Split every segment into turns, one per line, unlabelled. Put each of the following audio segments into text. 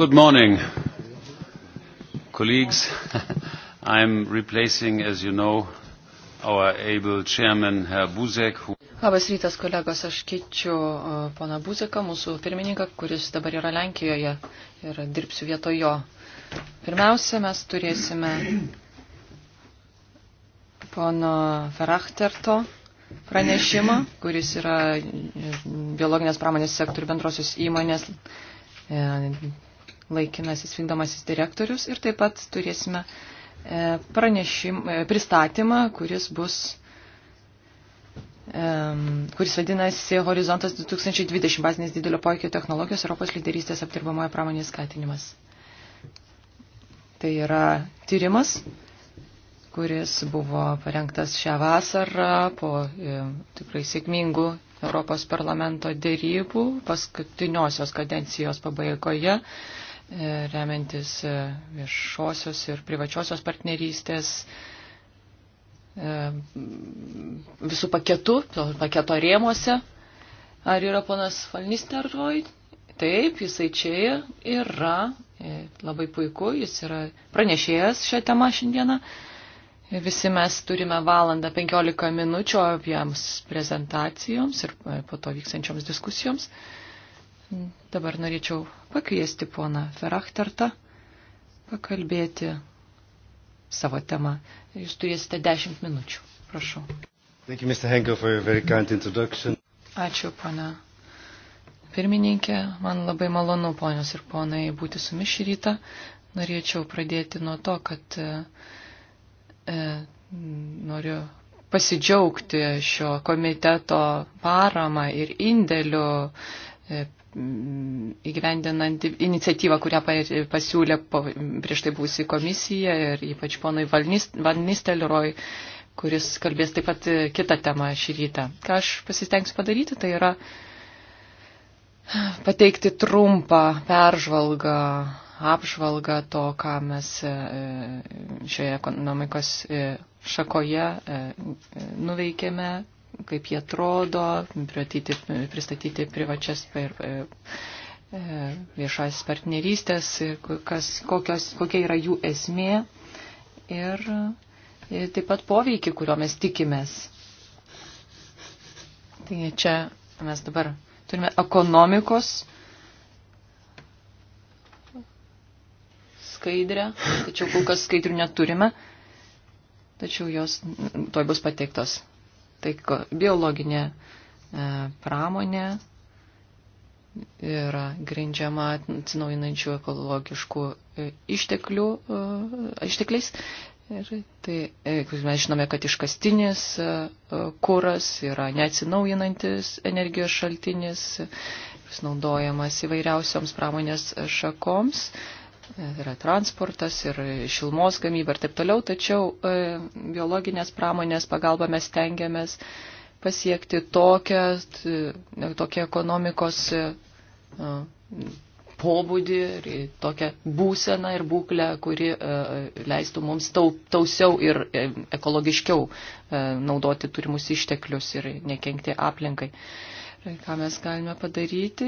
Good morning, colleagues.
I'm replacing, as you know, our able chairman, Herr Buzek. Who...
Labas rytas, kolegos. Aš keičiu e, pana Buzeką, mūsų pirmininką, kuris dabar yra Lenkijoje ir dirbsiu vietojo. Pirmiausia, mes turėsime pono Ferachterto pranešimą, kuris yra biologinės pramonės sektorių bendrosios įmonės e, laikinasis vykdomasis direktorius ir taip pat turėsime e, pranešim, e, pristatymą, kuris bus e, kuris vadinasi Horizontas 2020 bazinės didelio poikio technologijos Europos lyderystės apdirbamoje pramonės skatinimas. Tai yra tyrimas, kuris buvo parengtas šią vasarą po tikrai sėkmingų Europos parlamento dėrybų paskutiniosios kadencijos pabaigoje. E, remiantis e, viešosios ir privačiosios partnerystės e, visų paketų, paketo rėmuose. Ar yra ponas Falnisteroj? Taip, jisai čia yra, labai puiku, jis yra pranešėjas šią temą šiandieną. Visi mes turime valandą 15 minučių abiems prezentacijoms ir po to vyksančioms diskusijoms. Uh, Dabar norėčiau pakviesti poną Ferachtartą pakalbėti savo temą. Jūs turėsite 10 minučių. Prašau.
Thank you, Mr. Henkel, for your very kind introduction.
Ačiū, pana pirmininkė. Man labai malonu, ponios ir ponai, būti su jumis šį rytą. Norėčiau pradėti nuo to, kad e, e noriu pasidžiaugti šio komiteto paramą ir indėliu e, įgyvendinant iniciatyvą, kurią pasiūlė prieš tai būsi komisija ir ypač ponui Van Nistelroj, kuris kalbės taip pat kitą temą šį rytą. Ką aš pasistengsiu padaryti, tai yra pateikti trumpą peržvalgą, apžvalgą to, ką mes e, šioje ekonomikos e, šakoje e, nuveikėme kaip jie atrodo, pristatyti privačias per, e, e, viešas partnerystės, kas, kokios, kokia yra jų esmė ir e, taip pat poveikį, kurio mes tikimės. Tai čia mes dabar turime ekonomikos skaidrę, tačiau kol kas skaidrių neturime, tačiau jos toj bus pateiktos. Tai biologinė e, pramonė yra grindžiama atsinaujinančių ekologiškų e, išteklių, e, ištekliais. Ir tai, mes žinome, kad iškastinis kuras yra neatsinaujinantis energijos šaltinis, jis naudojamas įvairiausioms pramonės šakoms yra transportas ir šilmos gamyba ir taip toliau, tačiau e, biologinės pramonės pagalba mes tengiamės pasiekti tokią, e, tokią ekonomikos e, pobūdį ir tokią būseną ir būklę, kuri leistų mums tausiau ir ekologiškiau naudoti turimus išteklius ir nekenkti aplinkai ką mes galime padaryti,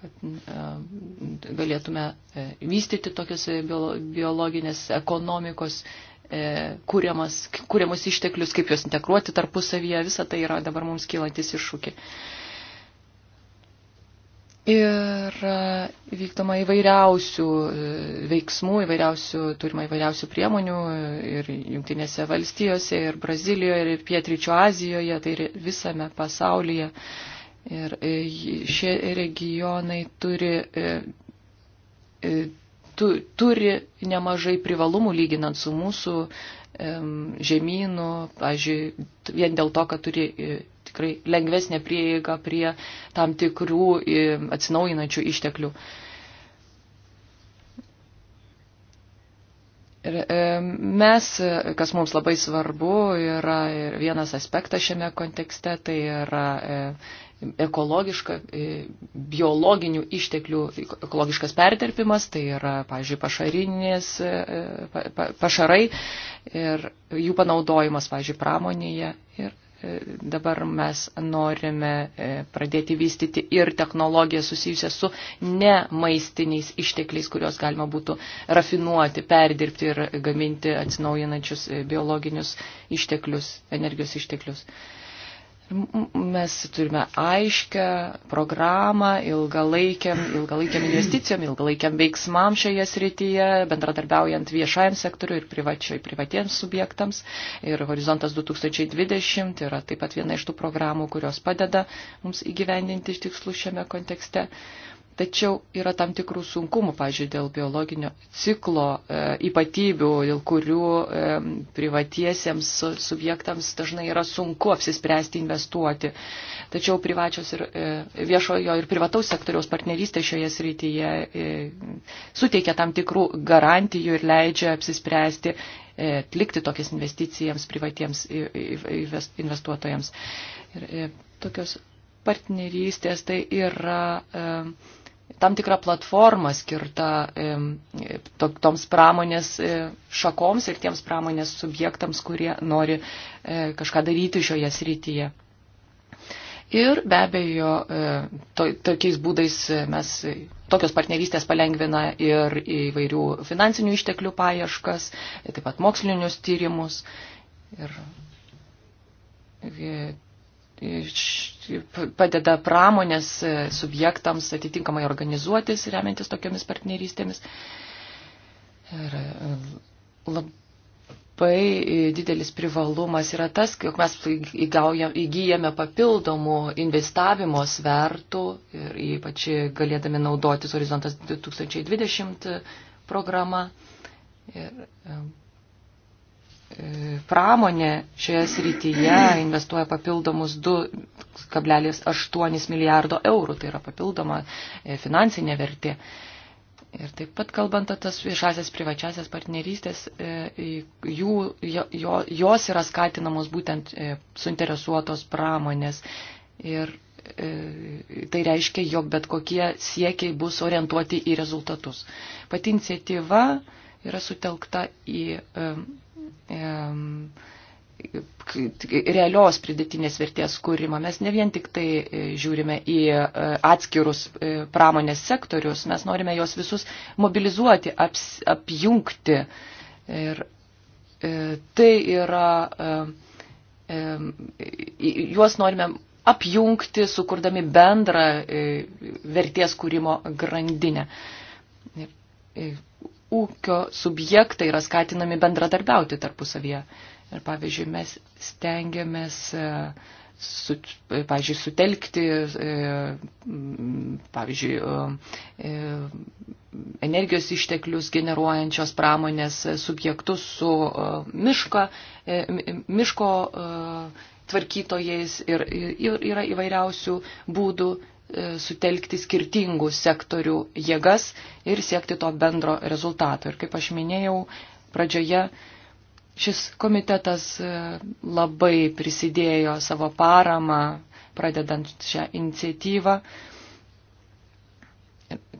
kad e, galėtume e, vystyti tokias biologinės ekonomikos e, kūriamas, kūriamus išteklius, kaip juos integruoti tarpusavyje, visa tai yra dabar mums kylantis iššūkiai. Ir e, vykdoma įvairiausių e, veiksmų, įvairiausių, turima įvairiausių priemonių e, ir Junktinėse valstijose, ir Brazilijoje, ir Pietryčio Azijoje, tai ir visame pasaulyje. Ir šie regionai turi, tu, turi nemažai privalumų lyginant su mūsų žemynu, pažiūrėjau, vien dėl to, kad turi tikrai lengvesnė prieiga prie tam tikrų atsinaujinančių išteklių. Ir e, mes, kas mums labai svarbu, yra vienas aspektas šiame kontekste, tai yra e, ekologiška, e, biologinių išteklių ekologiškas perdirbimas, tai yra, pavyzdžiui, pašarinės, pa, pa, pašarai ir jų panaudojimas, pavyzdžiui, pramonėje ir dabar mes norime e, pradėti vystyti ir technologiją susijusią su nemaistiniais ištekliais, kuriuos galima būtų rafinuoti, perdirbti ir gaminti atsinaujinančius e, biologinius išteklius, energijos išteklius. Uh, Mes turime aiškę programą ilgalaikiam, ilgalaikiam investicijom, ilgalaikiam veiksmam šioje srityje, bendradarbiaujant viešajam sektoriu ir privačiai, privatiems subjektams. Ir Horizontas 2020 yra taip pat viena iš tų programų, kurios padeda mums įgyvendinti tikslus šiame kontekste. Tačiau yra tam tikrų sunkumų, pažiūrėjau, dėl biologinio ciklo e, ypatybių, dėl kurių e, privatiesiems subjektams dažnai yra sunku apsispręsti investuoti. Tačiau privačios ir e, viešojo ir privataus sektoriaus partnerystė šioje srityje e, suteikia tam tikrų garantijų ir leidžia apsispręsti e, atlikti tokias investicijas privatiems investuotojams. Ir, e, tokios partnerystės tai yra. E, tam tikrą platformą skirtą toms pramonės e, šakoms ir tiems pramonės subjektams, kurie nori e, kažką daryti šioje srityje. Ir be abejo, e, to, tokiais būdais mes, tokios partnerystės palengvina ir įvairių finansinių išteklių paieškas, taip pat mokslinius tyrimus. Ir, ir, padeda pramonės e, subjektams atitinkamai organizuotis, remiantis tokiamis partnerystėmis. Ir e, labai e, didelis privalumas yra tas, jog mes įgyjame papildomų investavimo svertų ir ypač galėdami naudotis Horizontas 2020 programą. Ir, E, pramonė šioje srityje investuoja papildomus 2,8 milijardo eurų, tai yra papildoma e, finansinė vertė. Ir taip pat kalbant apie tas viešasias privačiasias partnerystės, e, jų, jo, jos yra skatinamos būtent suinteresuotos pramonės. Ir tai reiškia, jog bet kokie siekiai bus orientuoti į rezultatus. Pati iniciatyva yra sutelkta į realios pridėtinės vertės kūrimą. Mes ne vien tik tai e, žiūrime į e, atskirus e, pramonės sektorius, mes norime juos visus mobilizuoti, aps, apjungti. Ir tai yra, juos norime apjungti, sukurdami bendrą vertės kūrimo grandinę. Ir ūkio subjektai yra skatinami bendradarbiauti tarpusavyje. Ir pavyzdžiui, mes stengiamės, e, su, e, pavyzdžiui, sutelkti, e, pavyzdžiui, energijos išteklius generuojančios pramonės subjektus su miška, miško tvarkytojais ir yra įvairiausių būdų E, sutelkti skirtingų sektorių jėgas ir siekti to bendro rezultato. Ir kaip aš minėjau pradžioje, šis komitetas e, labai prisidėjo savo paramą, pradedant šią iniciatyvą.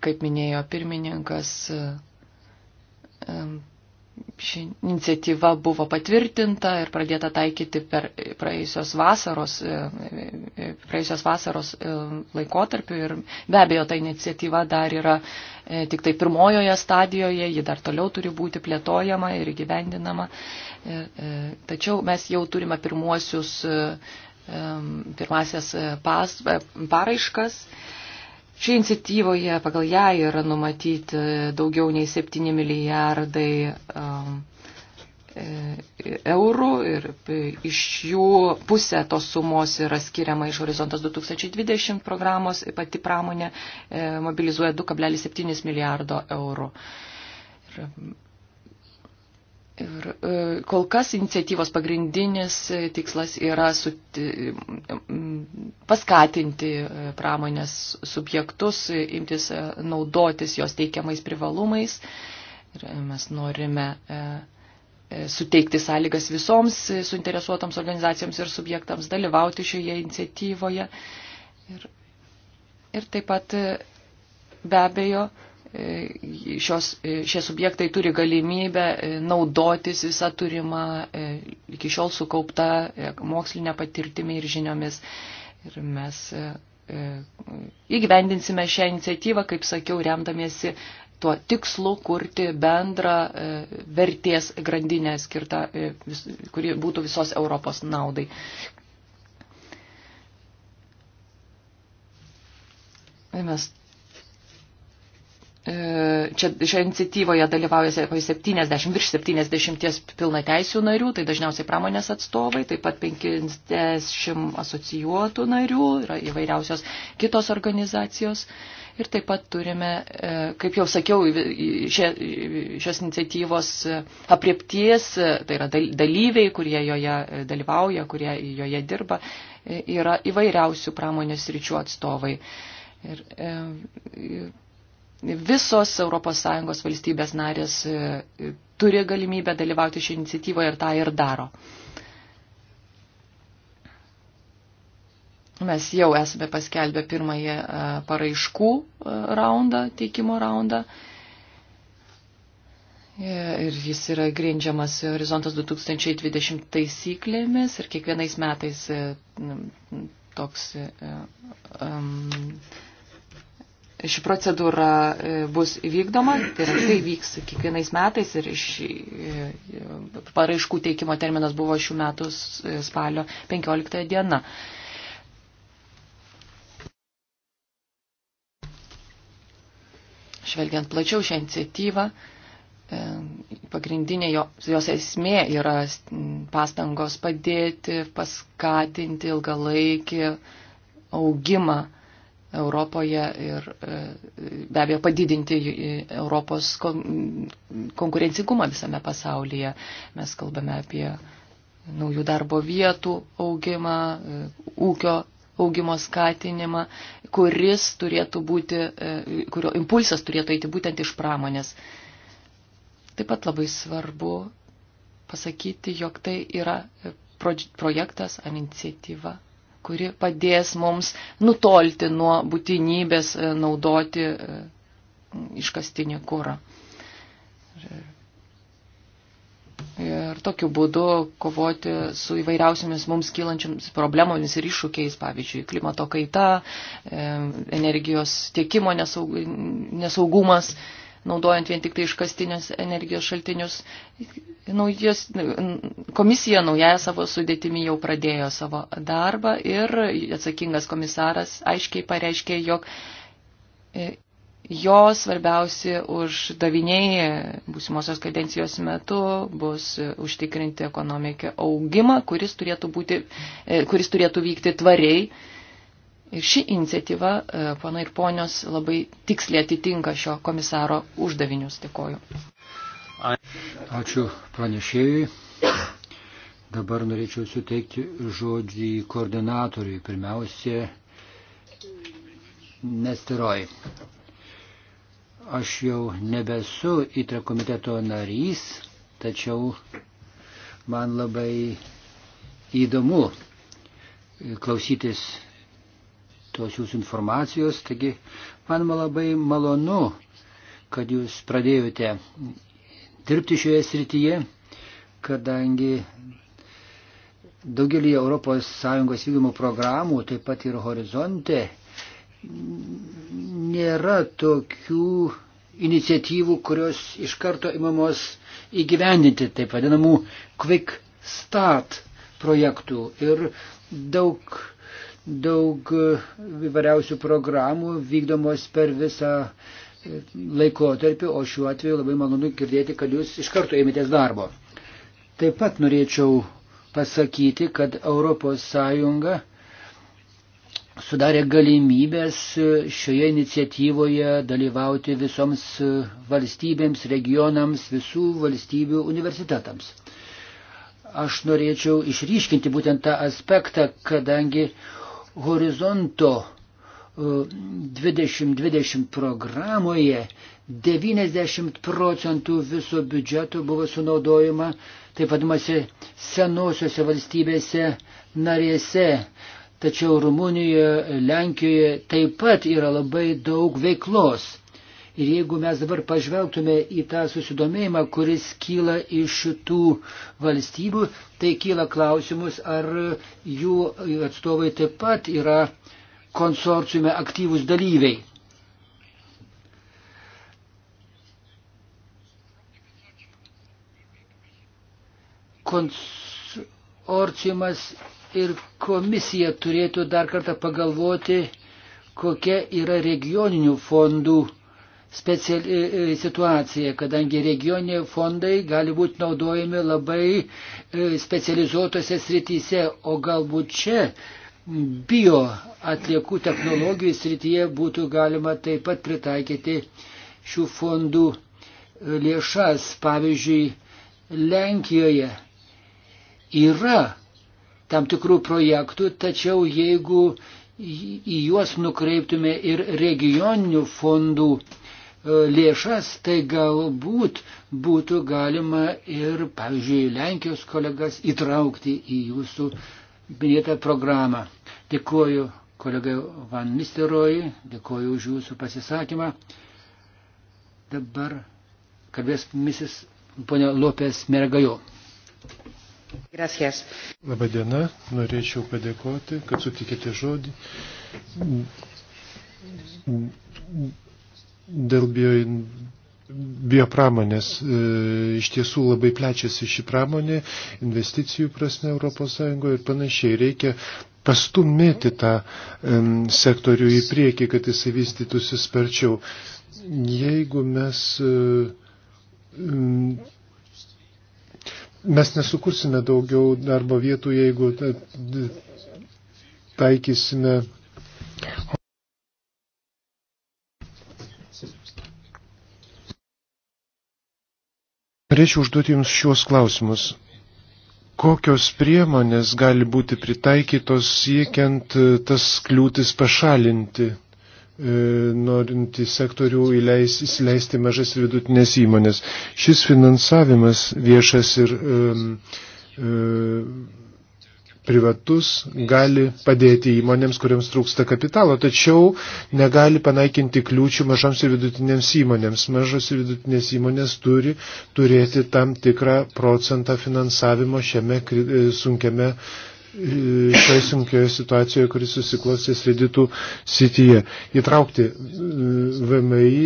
Kaip minėjo pirmininkas, e, ši iniciatyva buvo patvirtinta ir pradėta taikyti per praėjusios vasaros, e, e, praėjusios vasaros e, laikotarpiu. Ir be abejo, ta iniciatyva dar yra tik tai pirmojoje stadijoje, ji dar toliau turi būti plėtojama ir gyvendinama. Tačiau mes jau turime pirmuosius, pirmasias pas, paraiškas. Pas, Šį iniciatyvoje pagal ją yra numatyti daugiau nei 7 milijardai um, e, eurų ir iš jų pusė tos sumos yra skiriama iš Horizontas 2020 programos, pati pramonė e, mobilizuoja 2,7 milijardo eurų. Ir Ir e, kol kas iniciatyvos pagrindinis e, tikslas yra suti, e, paskatinti pramonės subjektus, imtis naudotis jos teikiamais privalumais. Ir mes norime suteikti sąlygas visoms suinteresuotoms organizacijoms ir subjektams dalyvauti šioje iniciatyvoje. Ir, ir taip pat be abejo E, šios, e, šie subjektai turi galimybę e, naudotis visą turimą iki šiol sukauptą mokslinę patirtimį ir žiniomis. Ir mes įgyvendinsime šią iniciatyvą, kaip sakiau, remdamiesi tuo tikslu kurti bendrą vertės grandinę skirtą, kuri būtų visos Europos naudai. Mes E, čia šioje iniciatyvoje dalyvauja apie 70, virš 70 pilnateisių narių, tai dažniausiai pramonės atstovai, taip pat 50 asocijuotų narių, yra įvairiausios kitos organizacijos. Ir taip pat turime, e, kaip jau sakiau, šios iniciatyvos e, apriepties, tai yra dalyviai, kurie joje dalyvauja, kurie joje dirba, yra įvairiausių pramonės ryčių atstovai. Ir visos ES valstybės narės e, e, turi galimybę dalyvauti šioje iniciatyvoje ir tą ir daro. Mes jau esame paskelbę pirmąjį e, paraiškų raundą, teikimo raundą. Ir jis yra grindžiamas Horizontas 2020 taisyklėmis ir kiekvienais metais toks um, ši procedūra e, bus vykdoma, tai yra tai vyks kiekvienais metais ir iš e, e, paraiškų teikimo terminas buvo šių metų spalio 15 diena. Žvelgiant plačiau šią iniciatyvą, pagrindinė jo, jos esmė yra pastangos padėti, paskatinti ilgalaikį augimą Europoje ir e, be abejo padidinti Europos konkurencingumą visame pasaulyje. Mes kalbame apie naujų darbo vietų augimą, e, ūkio augimo skatinimą, kuris turėtų būti, e, kurio impulsas turėtų eiti būtent iš pramonės. Taip pat labai svarbu pasakyti, jog tai yra projektas ar iniciatyva kuri padės mums nutolti nuo būtinybės e, naudoti e, iškastinį kūrą. Ir tokiu būdu kovoti su įvairiausiamis mums kylančiamis problemomis ir iššūkiais, pavyzdžiui, klimato kaita, e, energijos tiekimo nesaugumas naudojant vien tik tai iškastinius energijos šaltinius. Naujos, komisija naujaja savo sudėtimi jau pradėjo savo darbą ir atsakingas komisaras aiškiai pareiškė, jog e, jo svarbiausi uždaviniai būsimosios kadencijos metu bus užtikrinti ekonomikę augimą, kuris turėtų, būti, e, kuris turėtų vykti tvariai Ir ši iniciatyva, e, pana ir ponios, labai tiksliai atitinka šio komisaro uždavinius. Dėkoju.
Ačiū pranešėjui. Dabar norėčiau suteikti žodį koordinatoriui. Pirmiausia, Nesteroj. Aš jau nebesu įtra komiteto narys, tačiau man labai įdomu klausytis tos jūsų informacijos. Taigi, man labai malonu, kad jūs pradėjote dirbti šioje srityje, kadangi daugelį ES vykdymo programų, taip pat ir horizonte, nėra tokių iniciatyvų, kurios iš karto imamos įgyvendinti, taip vadinamų quick start projektų. Ir daug daug e, įvairiausių programų vykdomos per visą e, laikotarpį, o šiuo atveju labai malonu girdėti, kad jūs iš karto ėmėtės darbo. Taip pat norėčiau pasakyti, kad ES sudarė galimybės e, šioje iniciatyvoje dalyvauti visoms valstybėms, regionams, visų valstybių universitetams. Aš norėčiau išryškinti būtent tą aspektą, kadangi horizonto 2020 e, programoje 90 procentų viso biudžeto buvo sunaudojama, taip vadinamasi, senosiuose valstybėse narėse. Tačiau Rumunijoje, Lenkijoje taip pat yra labai daug veiklos. Ir jeigu mes dabar pažvelgtume į tą susidomėjimą, kuris kyla iš šitų valstybių, tai kyla klausimus, ar jų atstovai taip pat yra konsorciume aktyvūs dalyviai. Konsorciumas ir komisija turėtų dar kartą pagalvoti, kokia yra regioninių fondų speciali e, e, situacija, kadangi regioniniai fondai gali būti naudojami labai e, specializuotose srityse, o galbūt čia bio atliekų technologijų srityje būtų galima taip pat pritaikyti šių fondų lėšas. Pavyzdžiui, Lenkijoje yra tam tikrų projektų, tačiau jeigu į juos nukreiptume ir regioninių fondų lėšas, tai galbūt būtų galima ir, pavyzdžiui, Lenkijos kolegas įtraukti į jūsų minėtą programą. Dėkuoju kolegai Van Nisteroj, dėkuoju už jūsų pasisakymą. Dabar kalbės misis ponia Lopės Mergajo. Gracias.
Labai diena, norėčiau padėkoti, kad sutikėte žodį dėl bio, biopramonės. E, iš tiesų labai plečiasi ši pramonė, investicijų prasme ES ir panašiai. Reikia pastumėti tą um, sektorių į priekį, kad jis vystytųsi sparčiau. Jeigu mes. Um, mes nesukursime daugiau darbo vietų, jeigu taikysime Norėčiau užduoti Jums šios klausimus. Kokios priemonės gali būti pritaikytos siekiant e, tas kliūtis pašalinti, e, norint į sektorių įleis, įsileisti mažas ir vidutinės įmonės? Šis finansavimas viešas ir um, um, privatus gali padėti įmonėms, kuriems trūksta kapitalo, tačiau negali panaikinti kliūčių mažoms ir vidutinėms įmonėms. Mažos ir vidutinės įmonės turi turėti tam tikrą procentą finansavimo šiame e, sunkiame e, šioje sunkioje situacijoje, kuris susiklostė sreditų sityje. Įtraukti e, VMI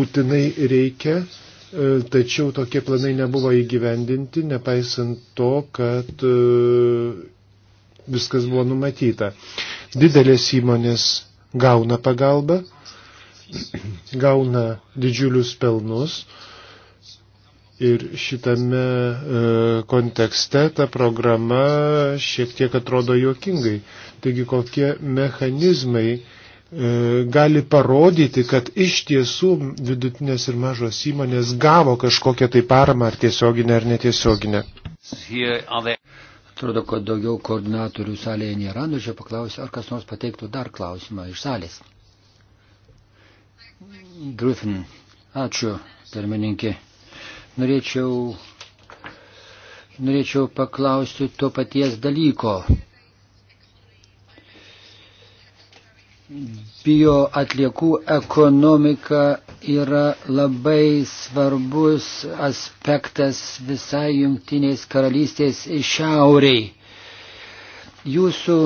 būtinai reikia E, tačiau tokie planai nebuvo įgyvendinti, nepaisant to, kad e, viskas buvo numatyta. Didelės įmonės gauna pagalbą, gauna didžiulius pelnus ir šitame e, kontekste ta programa šiek tiek atrodo juokingai. Taigi kokie mechanizmai E, gali parodyti, kad iš tiesų vidutinės ir mažos įmonės gavo kažkokią tai paramą ar tiesioginę ar netiesioginę.
Atrodo, kad daugiau koordinatorių salėje nėra, nu čia paklausiu, ar kas nors pateiktų dar klausimą iš salės. Griffin, ačiū, pirmininkė. Norėčiau, norėčiau paklausti to paties dalyko bio atliekų ekonomika yra labai svarbus aspektas visai jungtinės karalystės šiauriai. Jūsų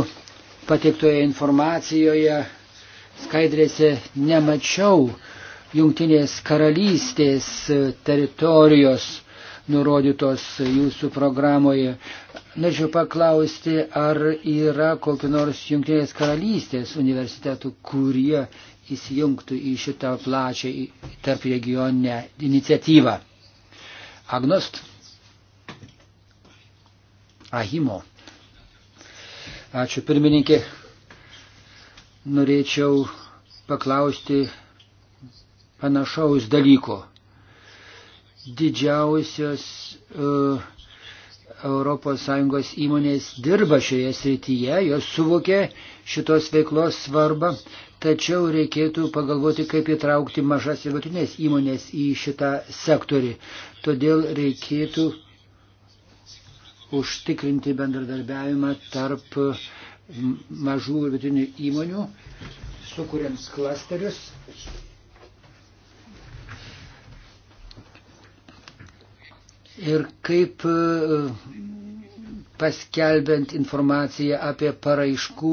pateiktoje informacijoje skaidrėse nemačiau jungtinės karalystės teritorijos nurodytos jūsų programoje. Norėčiau paklausti, ar yra kokiu nors Junktinės karalystės universitetų, kurie įsijungtų į šitą plačią tarp regioninę iniciatyvą. Agnost. Ahimo. Ačiū pirmininkė. Norėčiau paklausti panašaus dalyko. Didžiausios uh, e, ES įmonės dirba šioje srityje, jos suvokė šitos veiklos svarbą, tačiau reikėtų pagalvoti, kaip įtraukti mažas ir vatinės įmonės į šitą sektorį. Todėl reikėtų užtikrinti bendradarbiavimą tarp mažų ir vidutinių įmonių, sukuriant klasterius ir kaip e, paskelbent informaciją apie paraiškų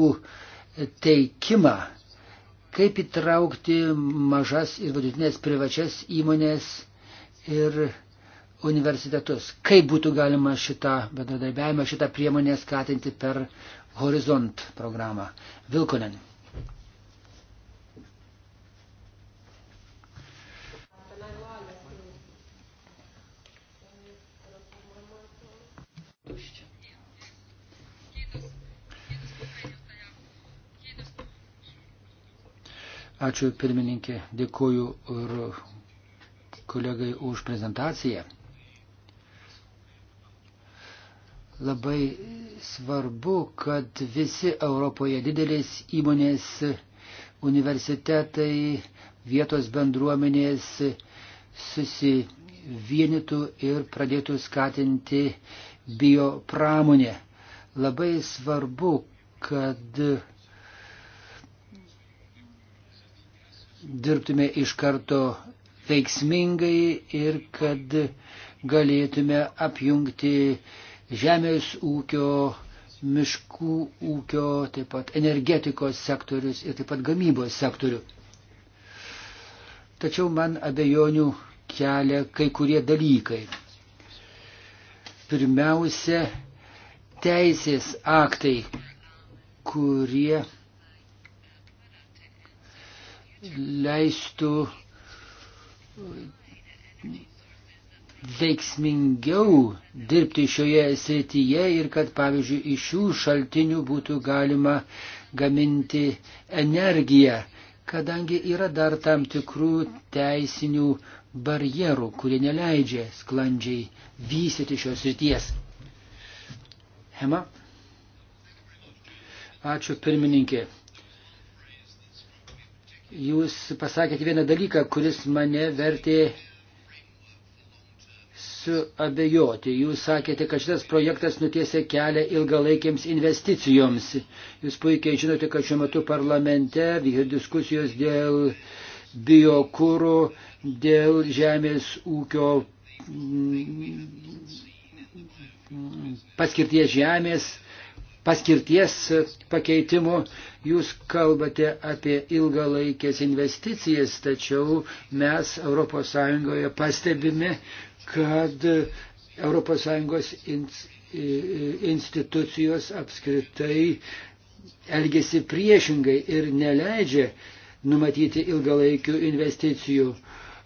teikimą, kaip įtraukti mažas ir vidutinės privačias įmonės ir universitetus. Kaip būtų galima šitą bendradarbiavimą, šitą priemonę skatinti per Horizont programą. Vilkonen. Ačiū pirmininkė, dėkuoju ir kolegai už prezentaciją. Labai svarbu, kad visi Europoje didelės įmonės, universitetai, vietos bendruomenės susivienytų ir pradėtų skatinti biopramonę. Labai svarbu, kad dirbtume iš karto veiksmingai ir kad galėtume apjungti žemės ūkio, miškų ūkio, taip pat energetikos sektorius ir taip pat gamybos sektorių. Tačiau man abejonių kelia kai kurie dalykai. Pirmiausia, teisės aktai, kurie leistų veiksmingiau dirbti šioje srityje ir kad, pavyzdžiui, iš šių šaltinių būtų galima gaminti energiją, kadangi yra dar tam tikrų teisinių barjerų, kurie neleidžia sklandžiai vystyti šios srities. Hema? Ačiū pirmininkė. Jūs pasakėte vieną dalyką, kuris mane vertė suabejoti. Jūs sakėte, kad šitas projektas nutiesė kelią ilgalaikiams investicijoms. Jūs puikiai žinote, kad šiuo metu parlamente vyko diskusijos dėl biokūrų, dėl žemės ūkio mm, paskirties žemės paskirties pakeitimu. Jūs kalbate apie ilgalaikės investicijas, tačiau mes ES pastebime, kad ES institucijos apskritai elgesi priešingai ir neleidžia numatyti ilgalaikių investicijų.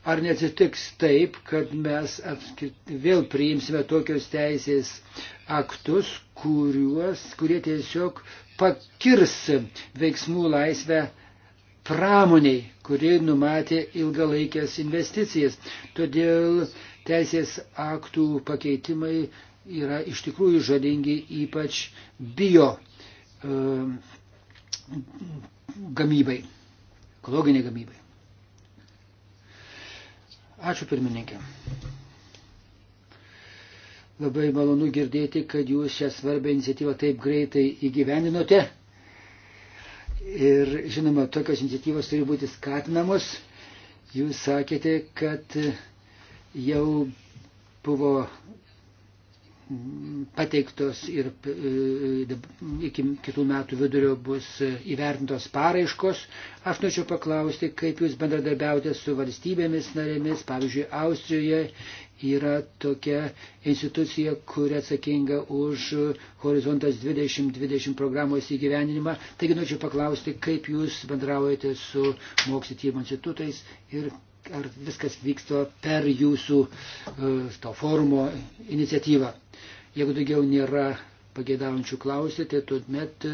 Ar neatsitiks taip, kad mes vėl priimsime tokius teisės aktus, kuriuos, kurie tiesiog pakirs veiksmų laisvę pramoniai, kuri numatė ilgalaikės investicijas. Todėl teisės aktų pakeitimai yra iš tikrųjų žalingi ypač bio e, gamybai, ekologiniai gamybai. Ačiū pirmininkė. Labai malonu girdėti, kad jūs šią svarbę iniciatyvą taip greitai įgyvendinote. Ir žinoma, tokios iniciatyvos turi būti skatinamos. Jūs sakėte, kad jau buvo pateiktos ir e, iki kitų metų vidurio bus įvertintos paraiškos. Aš norėčiau paklausti, kaip jūs bendradarbiaujate su valstybėmis narėmis, pavyzdžiui, Austrijoje yra tokia institucija, kuri atsakinga už Horizontas 2020 programos įgyveninimą. Taigi norėčiau paklausti, kaip jūs bendraujate su mokslo tyrimų institutais ir ar viskas vyksta per jūsų e, to forumo iniciatyvą. Jeigu daugiau nėra pageidaujančių klausyti, tai tuomet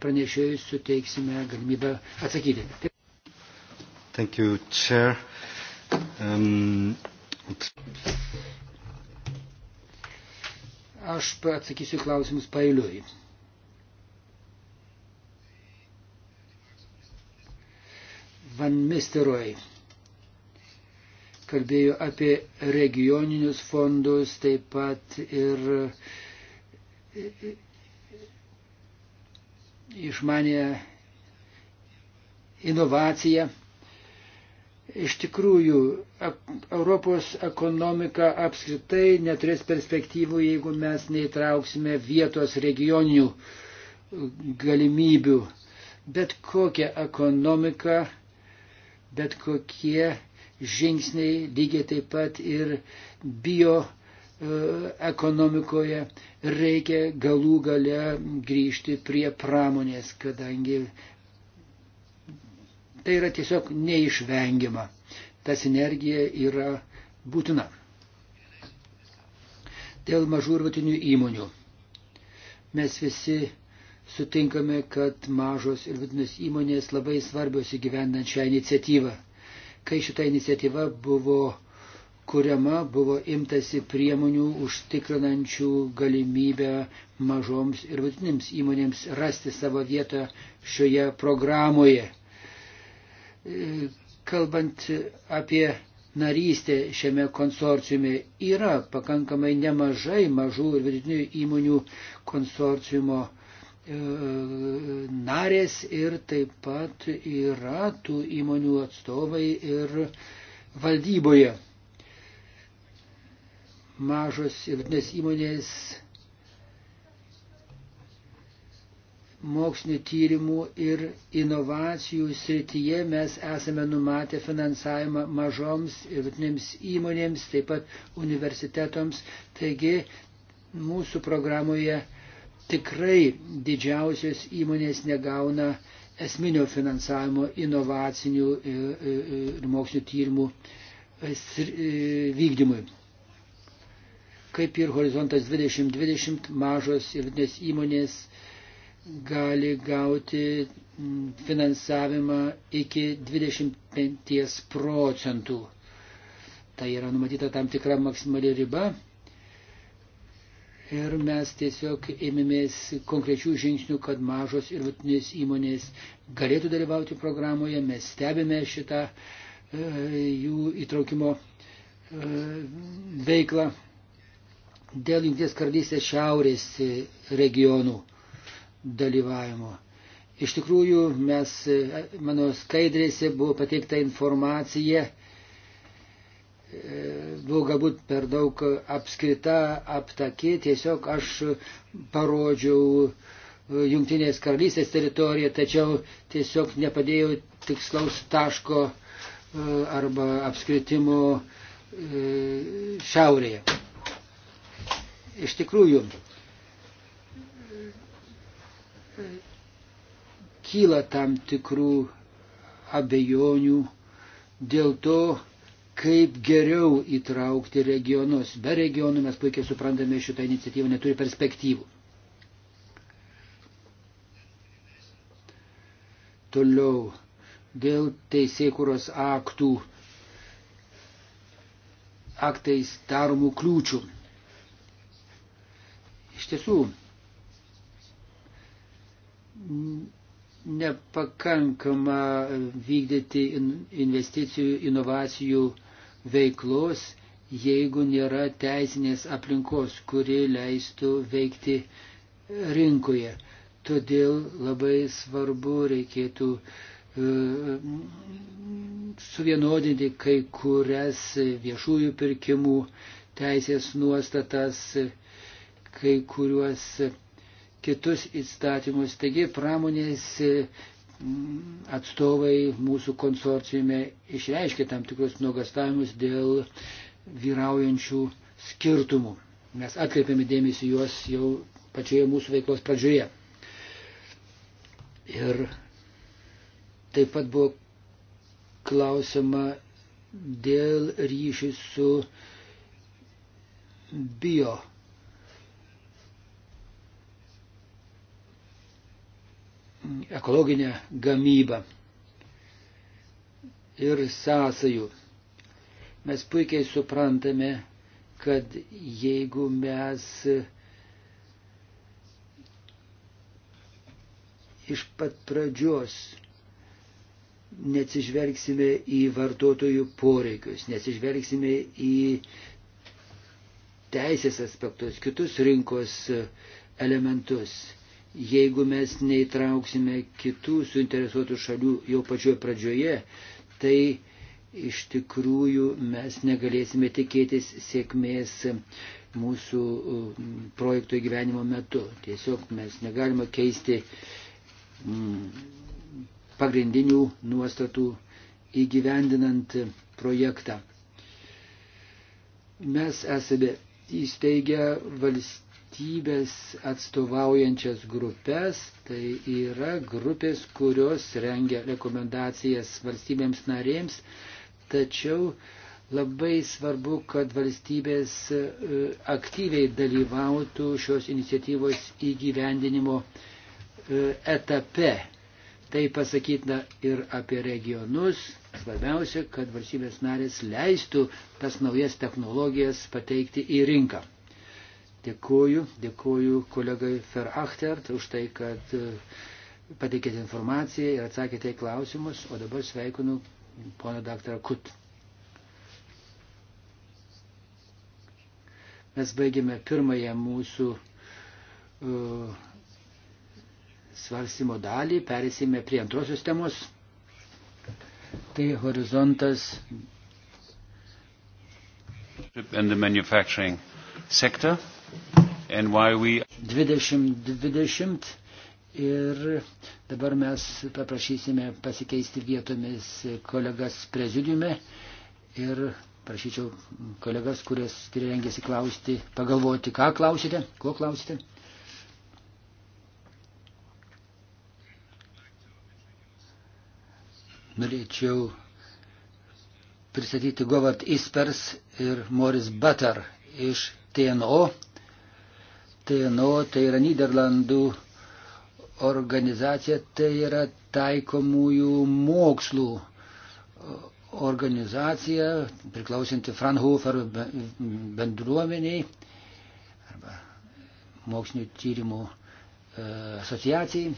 pranešėjus suteiksime galimybę atsakyti.
Thank you, Chair. Um,
Aš atsakysiu klausimus pailiui. Van Misteroj kalbėjo apie regioninius fondus, taip pat ir išmanė inovaciją. Iš tikrųjų, Europos ekonomika apskritai neturės perspektyvų, jeigu mes neįtrauksime vietos regioninių galimybių. Bet kokia ekonomika, bet kokie žingsniai, lygiai taip pat ir bio e, ekonomikoje reikia galų gale grįžti prie pramonės, kadangi tai yra tiesiog neišvengiama. Ta sinergija yra būtina. Dėl mažų ir vatinių įmonių. Mes visi sutinkame, kad mažos ir vidinės įmonės labai svarbios įgyvendant šią iniciatyvą. Kai šita iniciatyva buvo kuriama, buvo imtasi priemonių užtikrinančių galimybę mažoms ir vidutinėms įmonėms rasti savo vietą šioje programoje. Kalbant apie narystė šiame konsorciume yra pakankamai nemažai mažų ir vidutinių įmonių konsorciumo E, narės ir taip pat yra tų įmonių atstovai ir valdyboje. Mažos ir vidinės įmonės mokslinio tyrimų ir inovacijų srityje mes esame numatę finansavimą mažoms ir vidutinėms įmonėms, taip pat universitetams. Taigi mūsų programoje tikrai didžiausios įmonės negauna esminio finansavimo inovacinių e, e, e, ir mokslinio tyrimų vykdymui. Kaip ir horizontas 2020, mažos ir vidinės įmonės gali gauti finansavimą iki 25 procentų. Tai yra numatyta tam tikra maksimali riba Ir mes tiesiog ėmėmės konkrečių žingsnių, kad mažos ir vidutinės įmonės galėtų dalyvauti programoje. Mes stebime šitą e, jų įtraukimo e, veiklą dėl Junktinės karalystės šiaurės regionų dalyvavimo. Iš tikrųjų, mes, e, mano skaidrėse buvo pateikta informacija buvo galbūt per daug apskrita, aptaki, tiesiog aš parodžiau e, Jungtinės karalystės teritoriją, tačiau tiesiog nepadėjau tikslaus taško e, arba apskritimo e, šiaurėje. Iš tikrųjų, kyla tam tikrų abejonių dėl to, kaip geriau įtraukti regionus. Be regionų mes puikiai suprantame, šitą iniciatyvą neturi perspektyvų. Toliau dėl teisėkuros aktų aktais daromų kliūčių. Iš tiesų, nepakankama vykdyti investicijų, inovacijų veiklos, jeigu nėra teisinės aplinkos, kuri leistų veikti rinkoje. Todėl labai svarbu reikėtų e, suvienodinti kai kurias viešųjų pirkimų teisės nuostatas, kai kuriuos kitus įstatymus. Taigi pramonės e, atstovai mūsų konsorcijume išreiškė tam tikrus nuogastavimus dėl vyraujančių skirtumų. Mes atkreipėme dėmesį juos jau pačioje mūsų veiklos pradžioje. Ir taip pat buvo klausima dėl ryšį su bio ekologinę gamybą ir sąsajų. Mes puikiai suprantame, kad jeigu mes iš pat pradžios neatsižvelgsime į vartotojų poreikius, neatsižvelgsime į teisės aspektus, kitus rinkos elementus jeigu mes neįtrauksime kitų suinteresuotų šalių jau pačioje pradžioje, tai iš tikrųjų mes negalėsime tikėtis sėkmės mūsų mm, projekto įgyvenimo metu. Tiesiog mes negalime keisti mm, pagrindinių nuostatų įgyvendinant projektą. Mes esame įsteigę valstybę valstybės atstovaujančias grupės, tai yra grupės, kurios rengia rekomendacijas valstybėms narėms, tačiau labai svarbu, kad valstybės e, aktyviai dalyvautų šios iniciatyvos įgyvendinimo e, etape. Tai pasakytina ir apie regionus. Svarbiausia, kad valstybės narės leistų tas naujas technologijas pateikti į rinką. Dėkuoju, dėkuoju kolegai Ferachtert už tai, kad e, pateikėte informaciją ir atsakėte į klausimus, o dabar sveikinu poną daktarą Kut. Mes baigėme pirmąją mūsų uh, svarstymo dalį, perėsime prie antrosios temos. Tai horizontas. And the manufacturing sector. We... 2020 ir dabar mes paprašysime pasikeisti vietomis kolegas prezidiume ir prašyčiau kolegas, kurias rengėsi klausti, pagalvoti, ką klausite, ko klausite. Norėčiau pristatyti Govard Ispers ir Morris Butter iš TNO TNO, tai yra Niderlandų organizacija, tai yra taikomųjų mokslų organizacija, priklausinti Franhofer bendruomeniai arba mokslinio tyrimų e, asociacijai.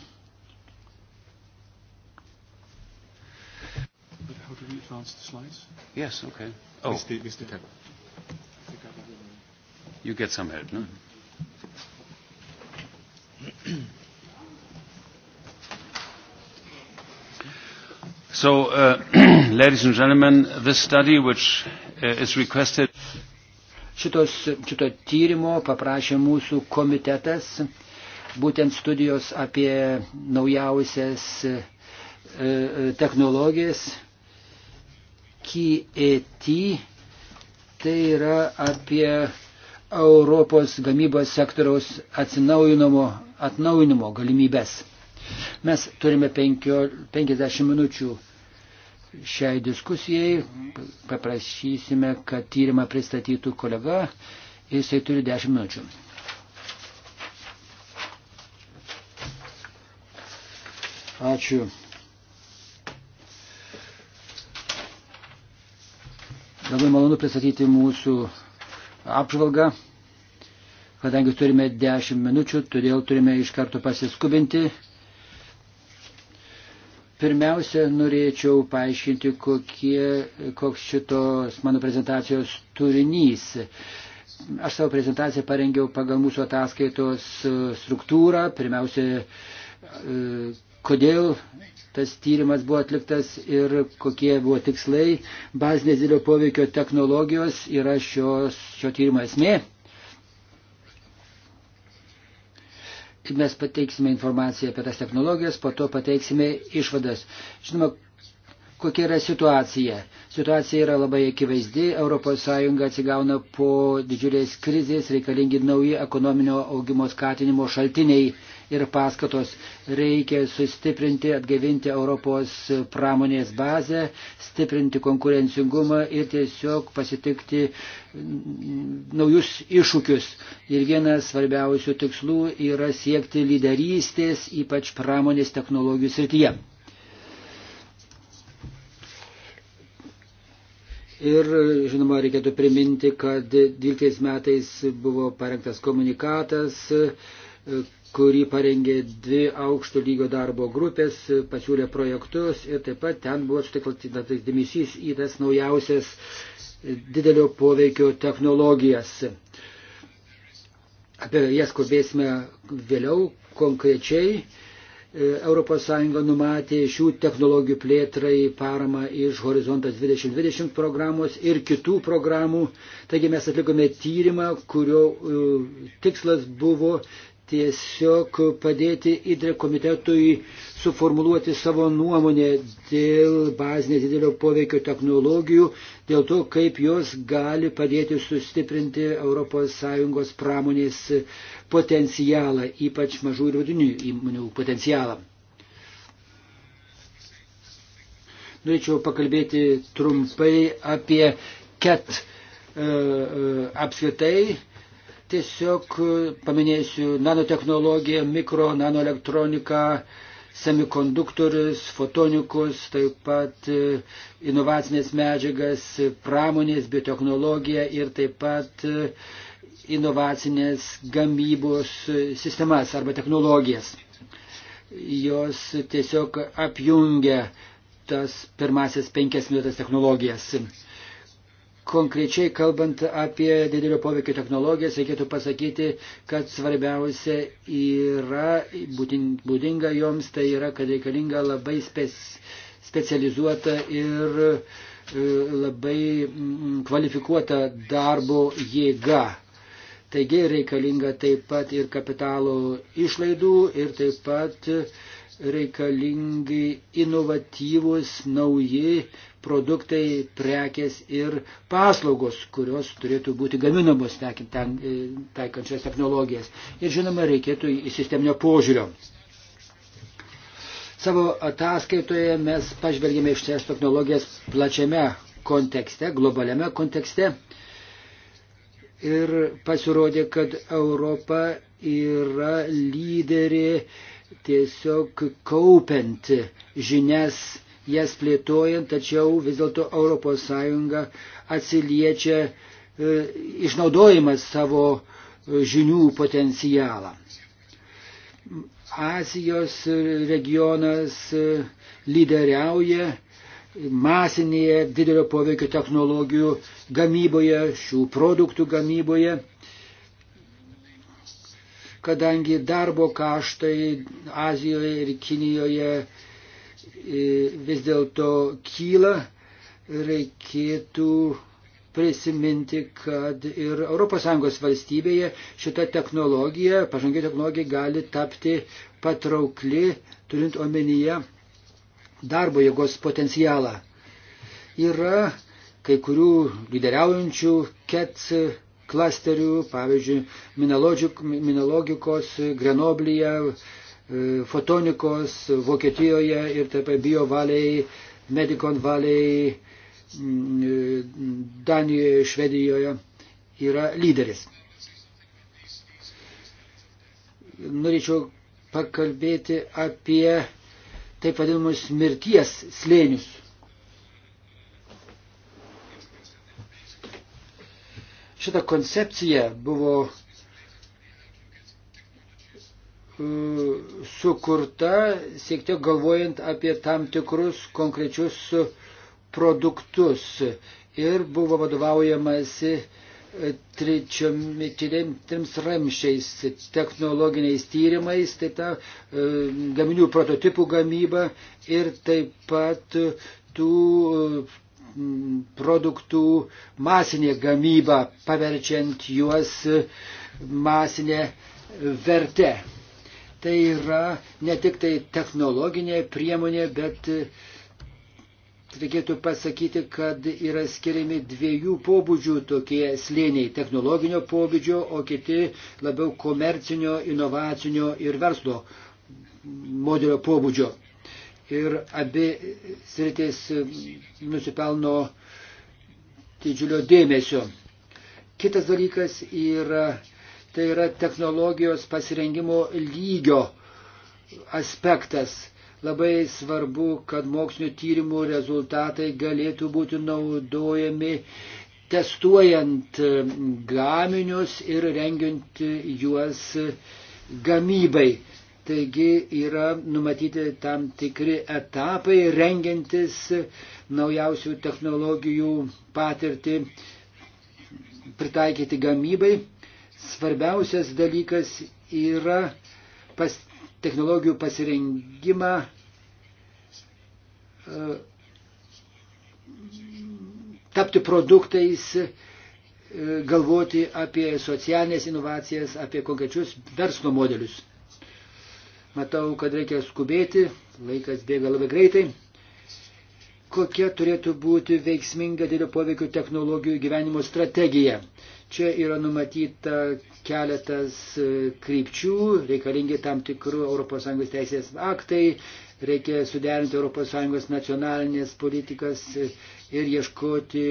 How do we advance the slides?
Yes, okay. Oh, Mr. Mr.
You get some help, no? Mm -hmm. So, uh, ladies and gentlemen, this study which uh, is requested
Šitos, šito tyrimo paprašė mūsų komitetas, būtent studijos apie naujausias e, e technologijas, KET, tai yra apie Europos gamybos sektoriaus atsinaujinimo, atnaujinimo galimybės. Mes turime penkio, 50 minučių šiai diskusijai. Paprašysime, kad tyrimą pristatytų kolega. Jisai turi 10 minučių. Ačiū. Labai malonu pristatyti mūsų apžvalgą. Kadangi turime 10 minučių, todėl turime iš karto pasiskubinti. Pirmiausia, norėčiau paaiškinti, kokie, koks šitos mano prezentacijos turinys. Aš savo prezentaciją parengiau pagal mūsų ataskaitos struktūrą. Pirmiausia, kodėl tas tyrimas buvo atliktas ir kokie buvo tikslai. Bazinės didelio poveikio technologijos yra šios, šio tyrimo esmė. Ir mes pateiksime informaciją apie tas technologijas, po to pateiksime išvadas. Žinoma, kokia yra situacija. Situacija yra labai akivaizdi. ES atsigauna po didžiulės krizės, reikalingi nauji ekonominio augimo skatinimo šaltiniai ir paskatos. Reikia sustiprinti, atgavinti Europos pramonės bazę, stiprinti konkurencingumą ir tiesiog pasitikti naujus iššūkius. Ir vienas svarbiausių tikslų yra siekti lyderystės, ypač pramonės technologijų srityje. Ir, žinoma, reikėtų priminti, kad 12 metais buvo parengtas komunikatas, kurį parengė dvi aukšto lygio darbo grupės, pasiūlė projektus ir taip pat ten buvo sutiklas dėmesys į tas naujausias didelio poveikio technologijas. Apie jas kalbėsime vėliau konkrečiai. ES numatė šių technologijų plėtrai paramą iš Horizontas 2020 programos ir kitų programų. Taigi mes atlikome tyrimą, kurio e, tikslas buvo tiesiog padėti įdre komitetui suformuluoti savo nuomonę dėl bazinės didelio poveikio technologijų, dėl to, kaip jos gali padėti sustiprinti ES pramonės potencialą, ypač mažų ir vidinių įmonių potencialą. Norėčiau pakalbėti trumpai apie KET e, e, apskritai Tiesiog e, paminėsiu nanotehnologiją, mikro, nanoelektroniką, semikonduktorius, fotonikus, taip pat e, inovacinės medžiagas, pramonės, biotehnologiją ir taip pat e, inovacinės gamybos sistemas arba technologijas. Jos tiesiog apjungia tas pirmasis penkias minutės technologijas. Konkrečiai kalbant apie didelio poveikio technologijas, reikėtų pasakyti, kad svarbiausia yra, būdinga joms, tai yra, kad reikalinga labai spes, specializuota ir e, labai mm, kvalifikuota darbo jėga. Taigi reikalinga taip pat ir kapitalo išlaidų ir taip pat uh, reikalingi inovatyvūs nauji produktai, prekės ir paslaugos, kurios turėtų būti gaminamos e, taikančias technologijas. Ir žinoma, reikėtų į sisteminio požiūrio. Savo ataskaitoje mes pažvelgėme iš šias technologijas plačiame kontekste, globaliame kontekste. Ir pasirodė, kad Europa yra lyderė tiesiog kaupiant žinias, jas plėtojant, tačiau vis dėlto ES atsiliečia e, išnaudojimas savo e, žinių potencialą. Azijos regionas e, lyderiauja masinėje didelio poveikio technologijų gamyboje, šių produktų gamyboje kadangi darbo kaštai Azijoje ir Kinijoje e, vis dėlto kyla, reikėtų prisiminti, kad ir ES valstybėje šita technologija, pažangi technologija gali tapti patraukli, turint omenyje darbo jėgos potencialą. Yra kai kurių lyderiaujančių KETS klasterių, pavyzdžiui, minologikos, Grenoblyje, e, fotonikos, Vokietijoje ir taip pat biovaliai, medikon valiai, e, Danijoje, Švedijoje yra lyderis. Norėčiau pakalbėti apie taip vadinamus mirties slėnius. šita koncepcija buvo e, sukurta siekti galvojant apie tam tikrus konkrečius produktus ir buvo vadovaujamasi e, trims ramšiais technologiniais tyrimais, tai ta e, gaminių prototipų gamyba ir taip pat tų produktų masinė gamyba, paverčiant juos masinė verte. Tai yra ne tik tai technologinė priemonė, bet e, reikėtų pasakyti, kad yra skiriami dviejų pobūdžių tokie slėniai - technologinio pobūdžio, o kiti labiau komercinio, inovacinio ir verslo modelio pobūdžio ir abi sritis nusipelno didžiulio dėmesio. Kitas dalykas yra, tai yra technologijos pasirengimo lygio aspektas. Labai svarbu, kad mokslinio tyrimų rezultatai galėtų būti naudojami testuojant gaminius ir rengiant juos gamybai. Taigi yra numatyti tam tikri etapai rengiantis naujausių technologijų patirtį pritaikyti gamybai. Svarbiausias dalykas yra pas, technologijų pasirengimą e, tapti produktais, e, galvoti apie socialinės inovacijas, apie konkrečius verslo modelius. Matau, kad reikia skubėti, laikas bėga labai greitai. Kokia turėtų būti veiksminga didelio poveikio technologijų gyvenimo strategija? Čia yra numatyta keletas e, krypčių, reikalingi tam tikrų ES teisės aktai, reikia suderinti ES nacionalinės politikas e, ir ieškoti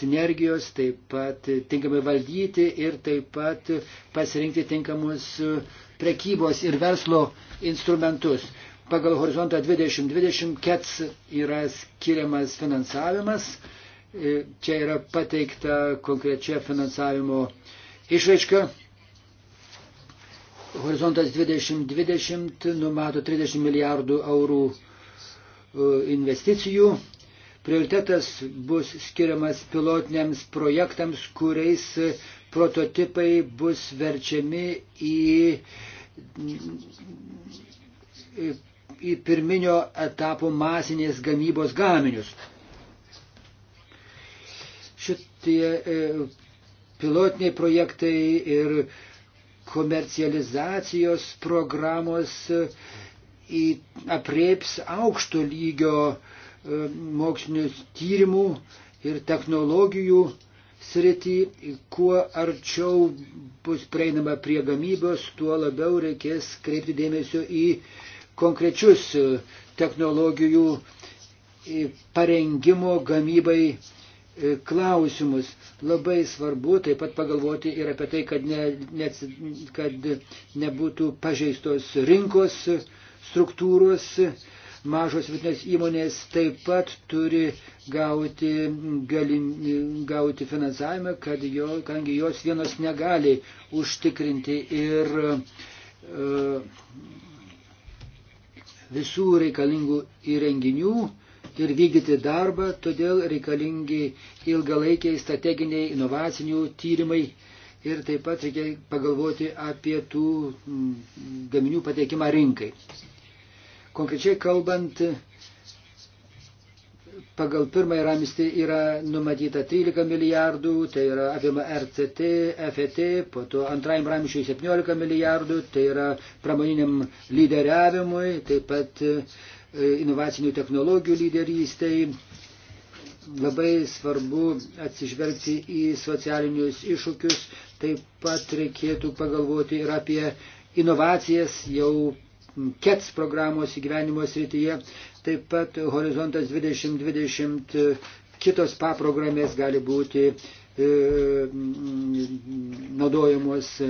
sinergijos, taip pat tinkamai valdyti ir taip pat pasirinkti tinkamus e, prekybos ir verslo instrumentus. Pagal horizontą 2020 kets yra skiriamas finansavimas. E, čia yra pateikta konkrečia finansavimo išraiška. Horizontas 2020 numato 30 milijardų eurų e, investicijų. Prioritetas bus skiriamas pilotiniams projektams, kuriais prototipai bus verčiami į, į, į pirminio etapo masinės gamybos gaminius. Šitie e, pilotiniai projektai ir komercializacijos programos e, į, aprieps aukšto lygio e, mokslinius tyrimų ir technologijų e, sritį, kuo arčiau bus prieinama prie gamybos, tuo labiau reikės kreipti dėmesio į konkrečius e, technologijų e, parengimo gamybai e, klausimus. Labai svarbu taip pat pagalvoti ir apie tai, kad, ne, ne, kad nebūtų pažeistos rinkos struktūros, Mažos vidutinės įmonės taip pat turi gauti, galim, gauti finansavimą, kad jo, kangi jos vienos negali užtikrinti ir uh, visų reikalingų įrenginių ir vykdyti darbą, todėl reikalingi ilgalaikiai strateginiai inovacinių tyrimai ir taip pat reikia pagalvoti apie tų gaminių pateikimą rinkai. Konkrečiai kalbant, pagal pirmąjį ramstį yra numatyta 13 milijardų, tai yra apima RCT, FET, po to antrajam ramščiui 17 milijardų, tai yra pramoniniam lyderiavimui, taip pat e, inovacinių technologijų lyderystai. Labai svarbu atsižvelgti į socialinius iššūkius, taip pat reikėtų pagalvoti ir apie inovacijas jau KETS programos įgyvenimo srityje, taip pat Horizontas 2020 kitos paprogramės gali būti e, naudojamos e,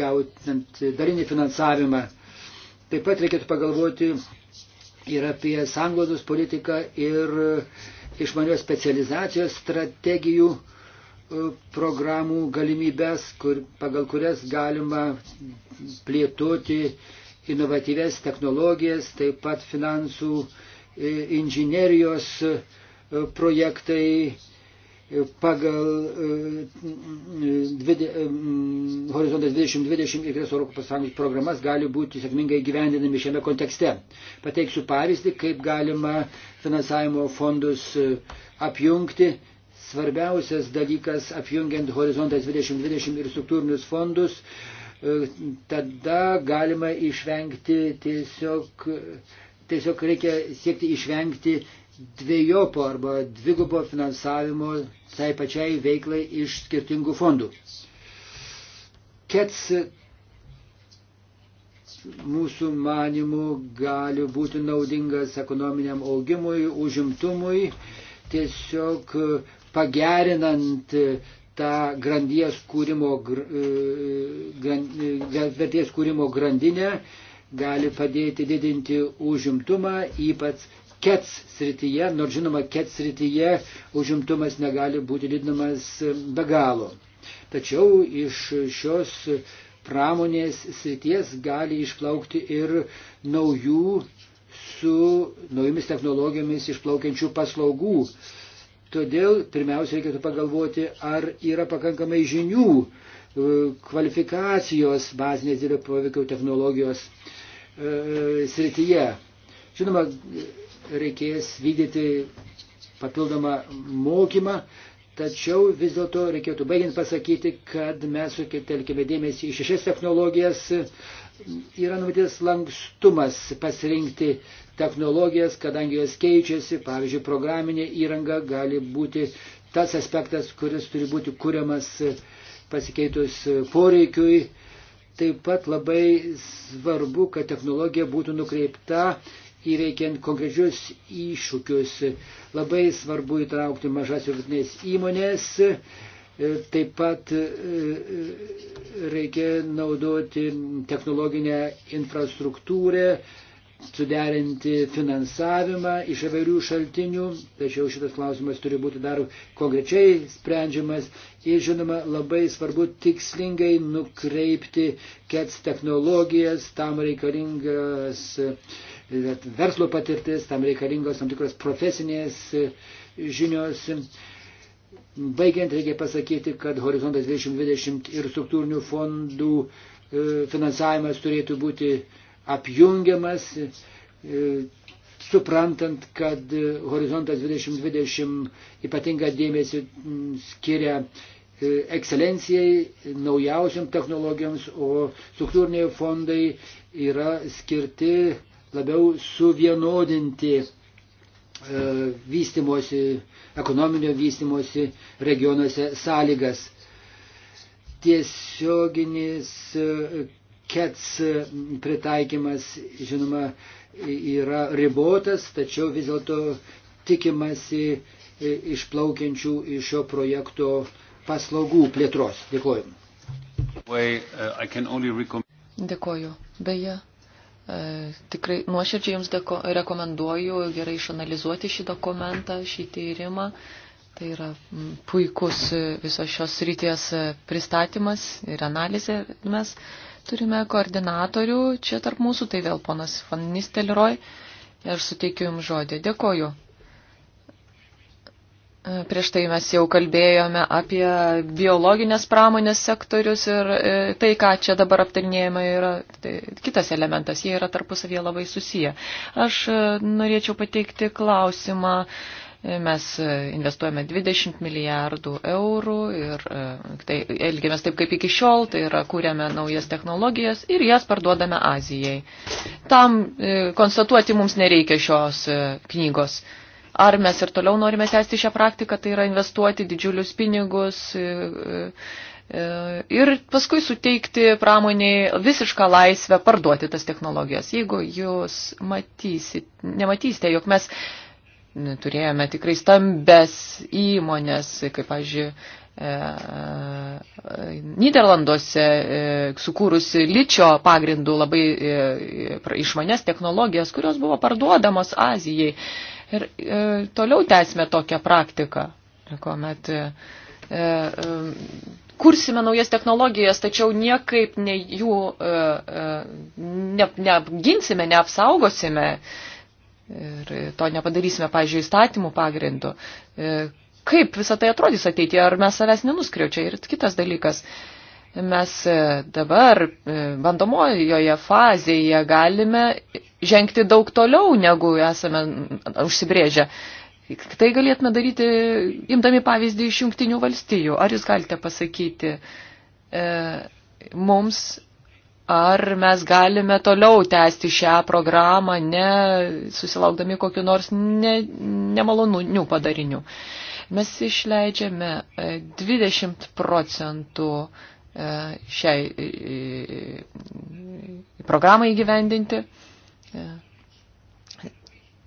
gautant darinį finansavimą. Taip pat reikėtų pagalvoti ir apie sanglodus politiką ir išmanios specializacijos strategijų e, programų galimybės, kur, pagal kurias galima plėtoti inovatyves technologijas, taip pat finansų e, inžinerijos e, projektai e, pagal Horizontas 2020 ir kitas Europos Sąjungos programas gali būti sėkmingai gyvendinami šiame kontekste. Pateiksiu pavyzdį, kaip galima finansavimo fondus apjungti. Svarbiausias dalykas apjungiant Horizontas 2020 ir struktūrinius fondus E, tada galima išvengti tiesiog, tiesiog reikia siekti išvengti dviejopo arba dvigubo finansavimo tai pačiai veiklai iš skirtingų fondų. Kets mūsų manimų gali būti naudingas ekonominiam augimui, užimtumui, tiesiog pagerinant tą grandies kūrimo, e, e, vertės kūrimo grandinę, gali padėti didinti užimtumą, ypač kets srityje, nors žinoma, kets srityje užimtumas negali būti didinamas be galo. Tačiau iš šios pramonės srities gali išplaukti ir naujų su naujomis technologijomis išplaukiančių paslaugų Todėl pirmiausia reikėtų pagalvoti, ar yra pakankamai žinių, e, kvalifikacijos bazinės didelio poveikio technologijos e, srityje. Žinoma, reikės vykdyti papildomą mokymą, tačiau vis dėlto reikėtų baigiant pasakyti, kad mes sutelkime dėmesį į šešias technologijas. Yra numatytas lankstumas pasirinkti technologijas, kadangi jos keičiasi, pavyzdžiui, programinė įranga gali būti tas aspektas, kuris turi būti kuriamas pasikeitus poreikiui. Taip pat labai svarbu, kad technologija būtų nukreipta įveikiant konkrečius iššūkius. Labai svarbu įtraukti mažas ir vidutinės įmonės. Taip pat e, e, reikia naudoti technologinę infrastruktūrę, suderinti finansavimą iš įvairių šaltinių, tačiau šitas klausimas turi būti dar konkrečiai sprendžiamas ir žinoma labai svarbu tikslingai nukreipti kets technologijas, tam reikalingas verslo patirtis, tam reikalingos tam tikros profesinės žinios. Baigiant reikia pasakyti, kad Horizontas 2020 ir struktūrinių fondų e, finansavimas turėtų būti apjungiamas, e, suprantant, kad Horizontas 2020 ypatingą dėmesį skiria e, ekscelencijai, naujausiam technologijoms, o struktūriniai fondai yra skirti labiau suvienodinti e, vystimosi, ekonominio vystimosi regionuose sąlygas. Tiesioginis kets e, pritaikymas, žinoma, yra ribotas, tačiau vis dėlto tikimasi e, išplaukiančių iš šio projekto paslaugų plėtros. Dėkuoju. Uh,
Dėkuoju. Beje, e, tikrai nuoširdžiai Jums deko, rekomenduoju gerai išanalizuoti šį dokumentą, šį tyrimą. Tai yra puikus visos šios ryties pristatymas ir analizė. Mes Turime koordinatorių čia tarp mūsų, tai vėl ponas Van Nistelroj. Aš suteikiu Jums žodį. Dėkoju. Prieš tai mes jau kalbėjome apie biologinės pramonės sektorius ir e, tai, ką čia dabar aptarnėjama, yra tai, kitas elementas, jie yra tarpusavėje labai susiję. Aš e, norėčiau pateikti klausimą Mes e, investuojame 20 milijardų eurų ir e, tai elgiamės taip kaip iki šiol, tai yra kūrėme naujas technologijas ir jas parduodame Azijai. Tam e, konstatuoti mums nereikia šios knygos. Ar mes ir toliau norime tęsti šią praktiką, tai yra investuoti didžiulius pinigus ir paskui suteikti pramoniai visišką laisvę parduoti tas technologijas. Jeigu jūs matysit, nematysite, jog mes turėjome tikrai stambes įmonės, kaip, pavyzdžiui, e, e, Niderlanduose e, sukūrusi ličio pagrindų labai išmanės technologijas, kurios buvo parduodamos Azijai. Ir toliau tęsime tokią praktiką, kuomet kursime naujas technologijas, tačiau niekaip ne jų neapginsime, neapsaugosime. Ne Ir to nepadarysime, pažiūrėjau, įstatymų pagrindu. E, kaip visą tai atrodys ateityje, ar mes savęs nenuskriaučia? Ir kitas dalykas, mes e, dabar e, bandomojoje fazėje galime žengti daug toliau, negu esame užsibrėžę. Tai galėtume daryti, imdami pavyzdį iš jungtinių valstijų. Ar jūs galite pasakyti e, mums, ar mes galime toliau tęsti šią programą, ne susilaukdami kokiu nors ne, nemalonių padarinių. Mes išleidžiame 20 e, procentų e, šiai e, programai įgyvendinti.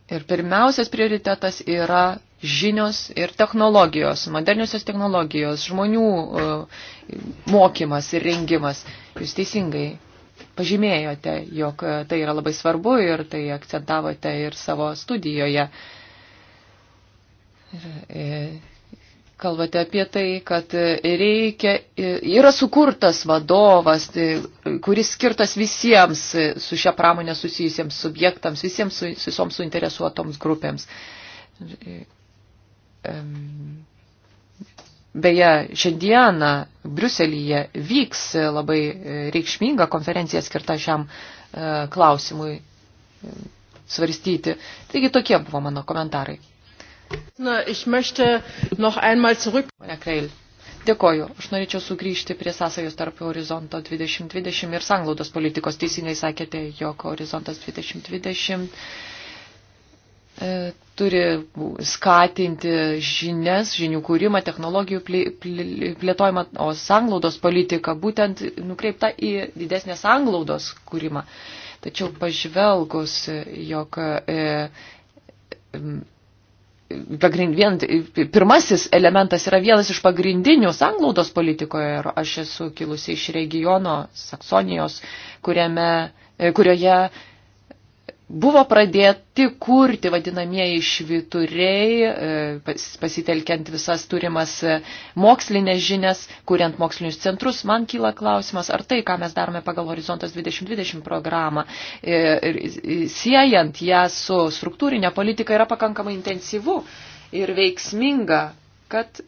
Ir pirmiausias prioritetas yra žinios ir technologijos, moderniosios technologijos, žmonių mokymas ir rengimas. Jūs teisingai pažymėjote, jog e, tai yra labai svarbu ir tai akcentavote ir savo studijoje. Ir, e, kalbate apie tai, kad e, reikia, yra sukurtas vadovas, kuris skirtas visiems su šia pramonė susijusiems subjektams, visiems su, visoms suinteresuotoms grupėms. Beje, šiandieną Briuselyje vyks labai e, reikšminga konferencija skirta šiam e, klausimui e, svarstyti. Taigi tokie buvo mano komentarai. Na, ich möchte noch einmal zurück. Pane Kreil, dėkoju. Aš norėčiau sugrįžti prie sąsajos tarp horizonto 2020 ir sanglaudos politikos. Teisingai sakėte, jog horizontas 2020 E, turi skatinti žinias, žinių kūrimą, technologijų plėtojimą, o sanglaudos politika būtent nukreipta į didesnę sanglaudos kūrimą. Tačiau pažvelgus, jog e, vien, pirmasis elementas yra vienas iš pagrindinių sanglaudos politikoje. Aš esu kilusi iš regiono Saksonijos, kuriame, e, kurioje buvo pradėti kurti vadinamieji švituriai, e, pasitelkiant visas turimas e, mokslinės žinias, kuriant mokslinius centrus. Man kyla klausimas, ar tai, ką mes darome pagal Horizontas 2020 programą, e, siejant ją su struktūrinė politika, yra pakankamai intensyvu ir veiksminga, kad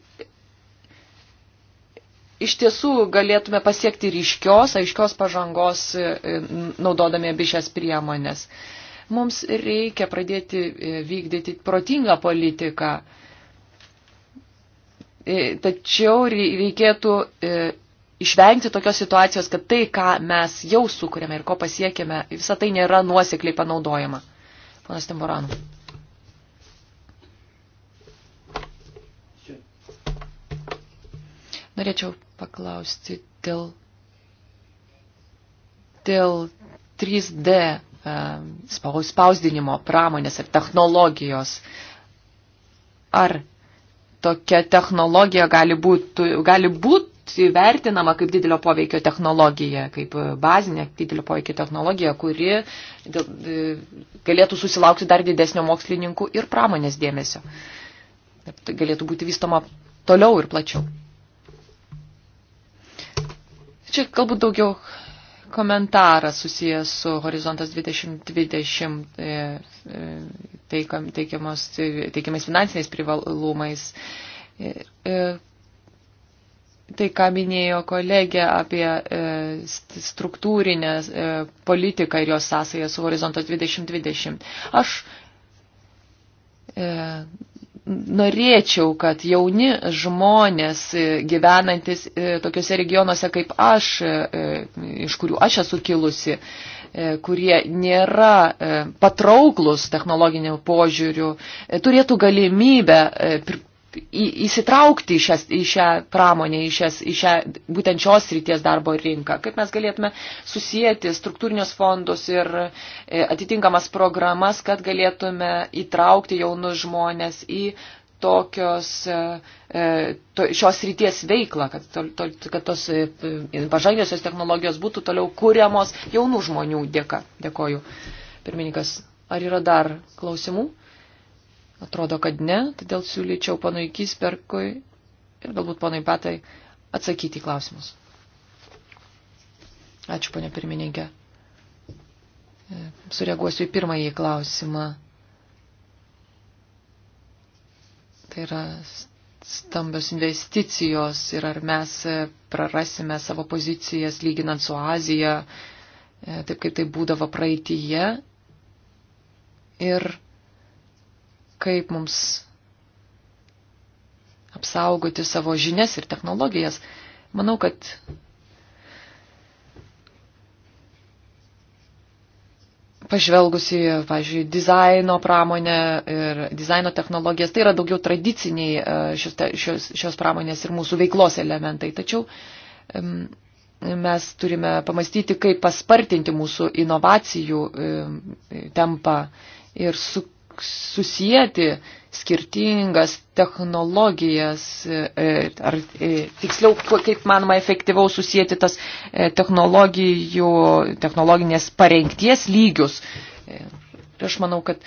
iš tiesų galėtume pasiekti ryškios, aiškios pažangos, naudodami abi šias priemonės. Uh, Mums reikia pradėti e, vykdyti protingą politiką. E, tačiau reikėtų e, išvengti tokios situacijos, kad tai, ką mes jau sukūrėme ir ko pasiekėme, visa tai nėra nuosekliai panaudojama. Ponas Timboranu. Norėčiau paklausti dėl, dėl 3D spausdinimo pramonės ir technologijos. Ar tokia technologija gali būti, gali būti vertinama kaip didelio poveikio technologija, kaip bazinė didelio poveikio technologija, kuri dėl, e, galėtų susilaukti dar didesnio mokslininkų ir pramonės dėmesio. Tai galėtų būti vystoma toliau ir plačiau. Čia galbūt daugiau komentarą susijęs su Horizontas 2020 e, e, teikiamos, teikiamais finansiniais privalumais. E, tai, ką minėjo kolegė apie struktūrinę politiką ir jos sąsąją su Horizontas 2020. Aš norėčiau, kad jauni žmonės e, gyvenantis e, tokiuose regionuose kaip aš, e, iš kurių aš esu kilusi, kurie nėra patrauklus technologinių požiūrių, turėtų galimybę įsitraukti į, šias, į šią pramonę, į, šias, į šią būtent šios ryties darbo rinką. Kaip mes galėtume susijęti struktūrinius fondus ir e, atitinkamas programas, kad galėtume įtraukti jaunus žmonės į tokios, e, e, to, šios ryties veiklą, kad, to, to, kad tos pažangiosios technologijos būtų toliau kūriamos jaunų žmonių dėka. Dėkoju. Pirmininkas, ar yra dar klausimų? Atrodo, kad ne, todėl siūlyčiau panui Kisperkui ir galbūt panui Patai atsakyti klausimus. Ačiū, ponė pirmininkė. E, sureaguosiu į pirmąjį klausimą. Tai yra stambios investicijos ir ar mes prarasime savo pozicijas lyginant su Azija, e, taip kaip tai būdavo praeitįje. Ir kaip mums apsaugoti savo žinias ir technologijas. Manau, kad pažvelgusi, pažiūrėjau, dizaino pramonę ir dizaino technologijas, tai yra daugiau tradiciniai e, šios, šios, šios pramonės ir mūsų veiklos elementai. Tačiau mes turime pamastyti, kaip paspartinti mūsų inovacijų tempą ir su, susijęti skirtingas technologijas, e, e, ar e, tiksliau, kaip manoma, efektyviau susijęti tas technologijų, technologinės parengties lygius. Ir aš manau, kad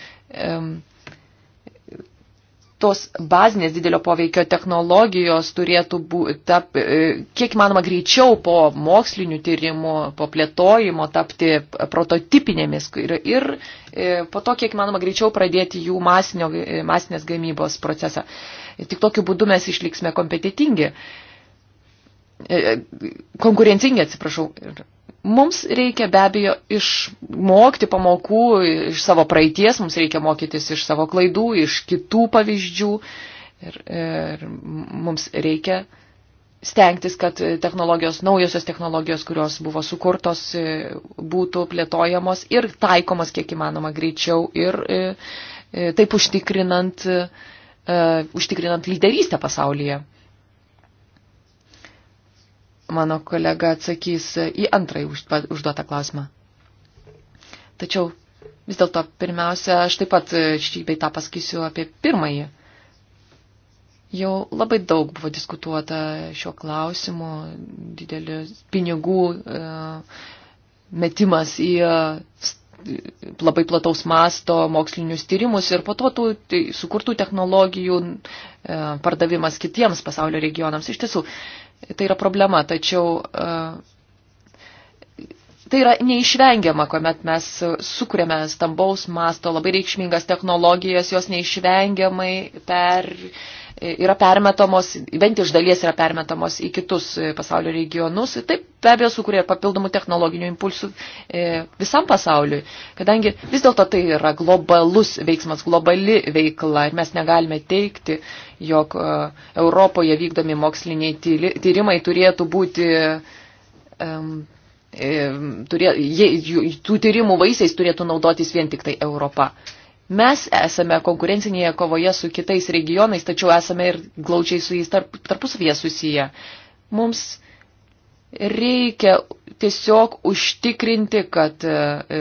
tos bazinės didelio poveikio technologijos turėtų būti, e, kiek manoma, greičiau po mokslinių tyrimų, po plėtojimo tapti prototipinėmis ir, ir e, po to, kiek manoma, greičiau pradėti jų masinio, e, masinės gamybos procesą. Tik tokiu būdu mes išliksime kompetitingi, konkurencingi, atsiprašau. Ir Mums reikia be abejo išmokti pamokų iš savo praeities, mums reikia mokytis iš savo klaidų, iš kitų pavyzdžių ir, ir mums reikia stengtis, kad technologijos, naujosios technologijos, kurios buvo sukurtos, būtų plėtojamos ir taikomos kiek įmanoma greičiau ir e, e, taip užtikrinant, e, užtikrinant lyderystę pasaulyje mano kolega atsakys į antrąjį užduotą klausimą. Tačiau vis dėlto pirmiausia, aš taip pat e, šybei tą pasakysiu apie pirmąjį. Jau labai daug buvo diskutuota šiuo klausimu, didelis pinigų e, metimas į e, labai plataus masto mokslinius tyrimus ir po to tų sukurtų technologijų e, pardavimas kitiems pasaulio regionams. Iš tiesų, tai yra problema, tačiau e, tai yra neišvengiama, kuomet mes sukūrėme stambaus masto labai reikšmingas technologijas, jos neišvengiamai per yra permetamos, bent iš dalies yra permetamos į kitus e, pasaulio regionus. Taip, be abejo, sukuria papildomų technologinių impulsų e, visam pasauliui, kadangi vis dėlto tai yra globalus veiksmas, globali veikla ir mes negalime teikti, jog e, Europoje vykdomi moksliniai tyrimai turėtų būti um, turė, jie, jų, tų tyrimų vaisiais turėtų naudotis vien tik tai Europa. Mes esame konkurencinėje kovoje su kitais regionais, tačiau esame ir glaučiai su jais tarp, tarpusavyje susiję. Mums reikia tiesiog užtikrinti, kad e, e,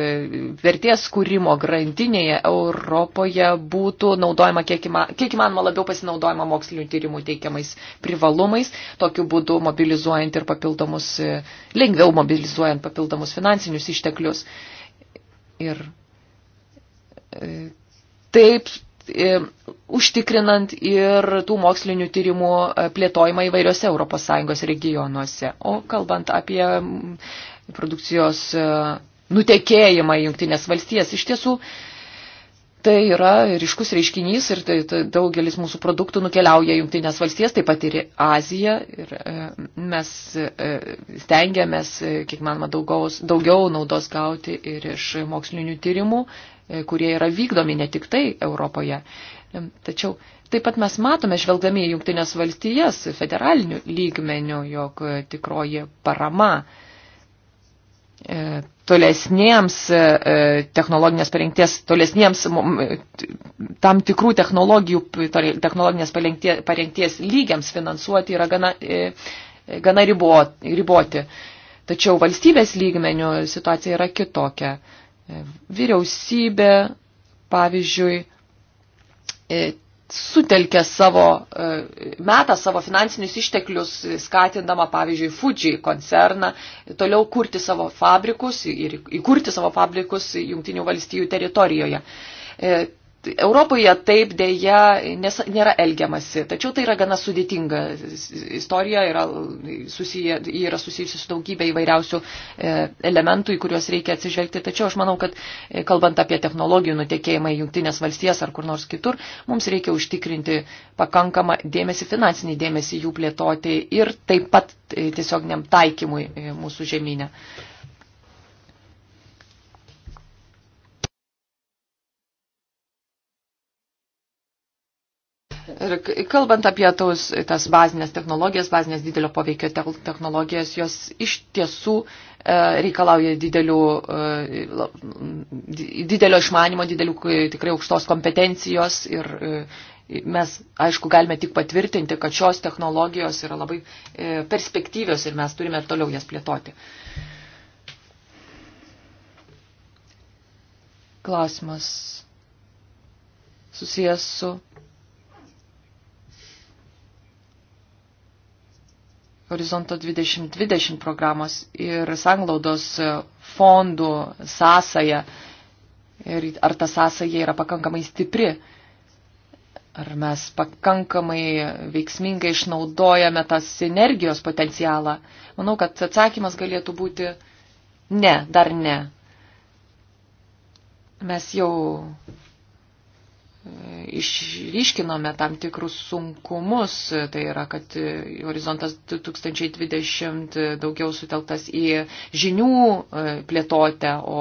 vertės kūrimo grandinėje Europoje būtų naudojama kiek įmanoma labiau pasinaudojama mokslinių tyrimų teikiamais privalumais, tokiu būdu mobilizuojant ir papildomus, e, lengviau mobilizuojant papildomus finansinius išteklius. Ir taip e, užtikrinant ir tų mokslinių tyrimų e, plėtojimą įvairiose ES regionuose. O kalbant apie produkcijos e, nutekėjimą į jungtinės valstijas, iš tiesų tai yra ryškus reiškinys ir tai, tai daugelis mūsų produktų nukeliauja į jungtinės valstijas, taip pat ir į Aziją. Ir mes stengiamės, kiek manoma, daugiau, daugiau naudos gauti ir iš mokslinių tyrimų E, kurie yra vykdomi ne tik tai Europoje. E, tačiau taip pat mes matome, žvelgdami į Junktinės valstijas federalinių lygmenių, jog e, tikroji parama tolesniems technologinės parengties, tolesniems tam tikrų technologijų, technologinės parengties lygiams finansuoti yra gana, gana riboti. Tačiau valstybės lygmenių situacija yra kitokia. E, vyriausybė, pavyzdžiui, e, sutelkia savo, e, meta savo finansinius išteklius, skatindama, pavyzdžiui, Fuji koncerną, toliau kurti savo fabrikus ir įkurti savo fabrikus Jungtinių valstijų teritorijoje Europoje taip dėja nes, nėra elgiamasi, tačiau tai yra gana sudėtinga istorija, yra, susiję, yra susijusi su daugybė įvairiausių e, elementų, į kuriuos reikia atsižvelgti, tačiau aš manau, kad e, kalbant apie technologijų nutekėjimą į jungtinės valstijas ar kur nors kitur, mums reikia užtikrinti pakankamą dėmesį, finansinį dėmesį jų plėtoti ir taip pat e, tiesioginiam taikymui mūsų žemynę. Ir kalbant apie tos, tas bazinės technologijas, bazinės didelio poveikio technologijas, jos iš tiesų e, reikalauja didelių, e, didelio išmanimo, didelių tikrai aukštos kompetencijos ir e, mes, aišku, galime tik patvirtinti, kad šios technologijos yra labai perspektyvios ir mes turime toliau jas plėtoti. Klausimas susijęs su Horizonto 2020 programos ir sanglaudos fondų sąsaja. Ir ar ta sąsaja yra pakankamai stipri? Ar mes pakankamai veiksmingai išnaudojame tą sinergijos potencialą? Manau, kad atsakymas galėtų būti ne, dar ne. Mes jau išryškinome tam tikrus sunkumus, tai yra, kad horizontas 2020 daugiau sutelktas į žinių e, plėtotę, o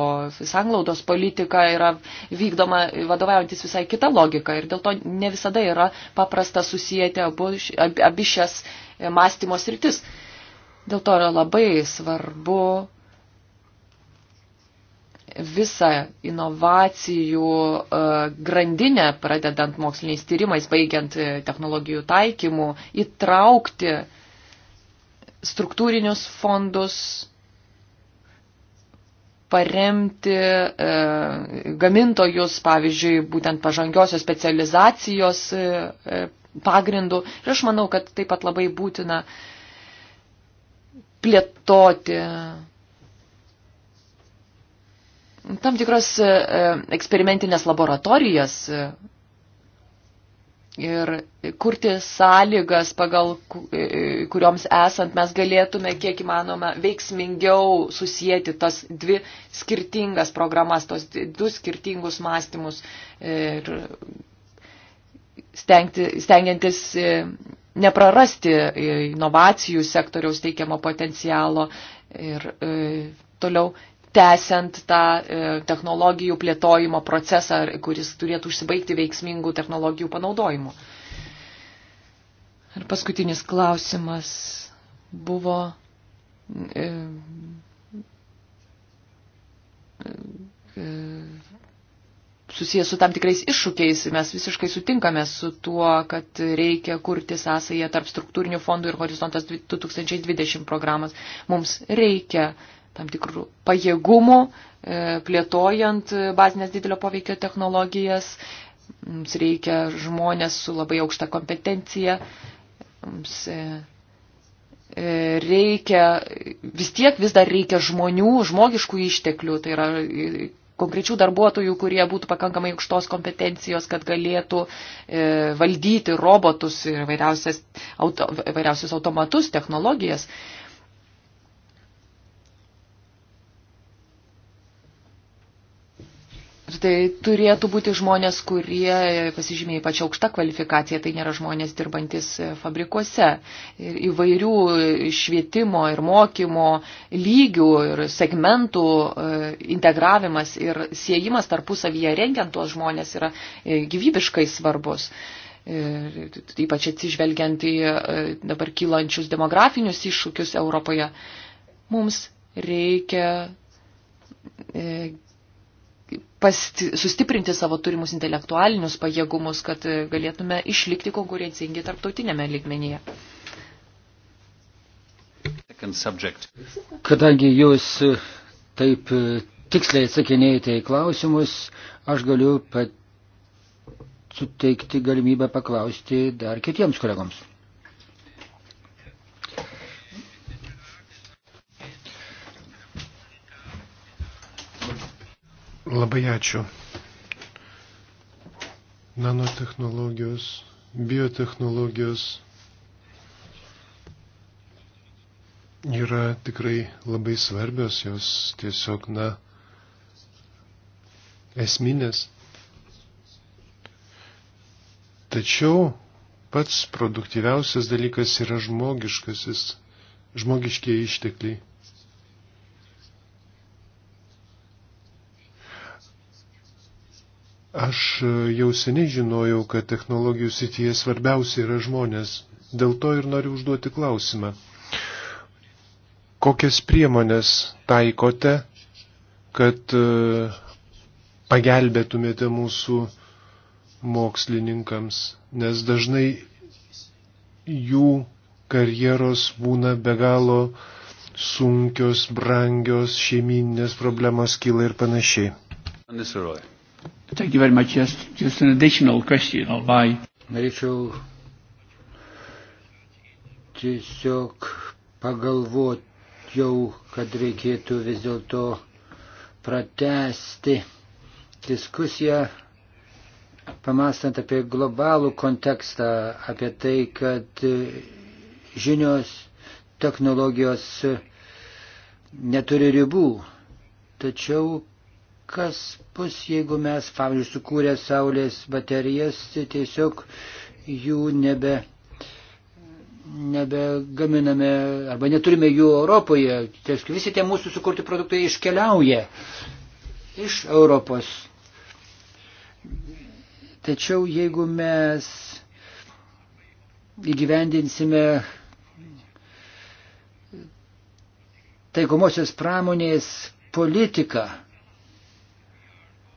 sanglaudos politika yra vykdoma vadovaujantis visai kita logika ir dėl to ne visada yra paprasta susijęti abu, abi šias e, mąstymo sritis. Dėl to yra labai svarbu visą inovacijų e, grandinę, pradedant moksliniais tyrimais, baigiant e, technologijų taikymu, įtraukti struktūrinius fondus, paremti e, gamintojus, pavyzdžiui, būtent pažangiosios specializacijos pagrindų. Ir aš manau, kad taip pat labai būtina plėtoti Tam tikros e, e, eksperimentinės laboratorijas e, ir kurti sąlygas, pagal kurioms esant mes galėtume kiek įmanoma veiksmingiau susijęti tas dvi skirtingas programas, tos du skirtingus mąstymus ir stengti, stengiantis neprarasti inovacijų sektoriaus teikiamo potencialo ir toliau tęsiant tą e, technologijų plėtojimo procesą, kuris turėtų užsibaigti veiksmingų technologijų panaudojimu. Ir paskutinis klausimas buvo. E, e, susijęs su tam tikrais iššūkiais, mes visiškai sutinkame su tuo, kad reikia kurti sąsąją tarp struktūrinių fondų ir horizontas 2020 programos. Mums reikia tam tikrų pajėgumų, e, plėtojant bazinės didelio poveikio technologijas. Mums reikia žmonės su labai aukšta kompetencija. Mums e, e, reikia, vis tiek vis dar reikia žmonių, žmogiškų išteklių. Tai yra konkrečių darbuotojų, kurie būtų pakankamai aukštos kompetencijos, kad galėtų e, valdyti robotus ir vairiausias, auto, vairiausius automatus, technologijas. E, Ir tai turėtų būti žmonės, kurie pasižymė ypač aukštą kvalifikaciją, tai nėra žmonės dirbantis fabrikuose. Ir įvairių švietimo ir mokymo lygių ir segmentų e, integravimas ir siejimas tarpusavyje rengiant tuos žmonės yra e, gyvybiškai svarbus. Ir ypač atsižvelgiant į e, dabar kylančius demografinius iššūkius Europoje, mums reikia pasti, sustiprinti savo turimus intelektualinius pajėgumus, kad e, galėtume išlikti konkurencingi tarptautinėme lygmenyje.
Kadangi jūs e, taip e, tiksliai atsakinėjate į klausimus, aš galiu pat suteikti galimybę paklausti dar kitiems kolegoms. Labai ačiū.
Nanotehnologijos, biotehnologijos yra tikrai labai svarbios, jos tiesiog, na, esminės. Tačiau pats produktyviausias dalykas yra žmogiškasis, žmogiškiai ištekliai. Aš e, jau seniai žinojau, kad technologijų sityje svarbiausia yra žmonės. Dėl to ir noriu užduoti klausimą. Kokias priemonės taikote, kad e, pagelbėtumėte mūsų mokslininkams, nes dažnai jų karjeros būna be galo sunkios, brangios, šeiminės problemos kyla ir panašiai.
Nesiroja. Thank you very much. Just, just an additional question on my... Norėčiau tiesiog pagalvojau, kad reikėtų vis dėlto pratesti diskusiją, pamastant apie globalų kontekstą, apie tai, kad žinios, technologijos neturi ribų. Tačiau kas bus, jeigu mes, pavyzdžiui, sukūrę saulės baterijas, tai tiesiog jų nebe, nebegaminame arba neturime jų Europoje. Tiesiog visi tie mūsų sukurti produktai iškeliauja iš Europos. Tačiau jeigu mes įgyvendinsime taikomosios pramonės politiką,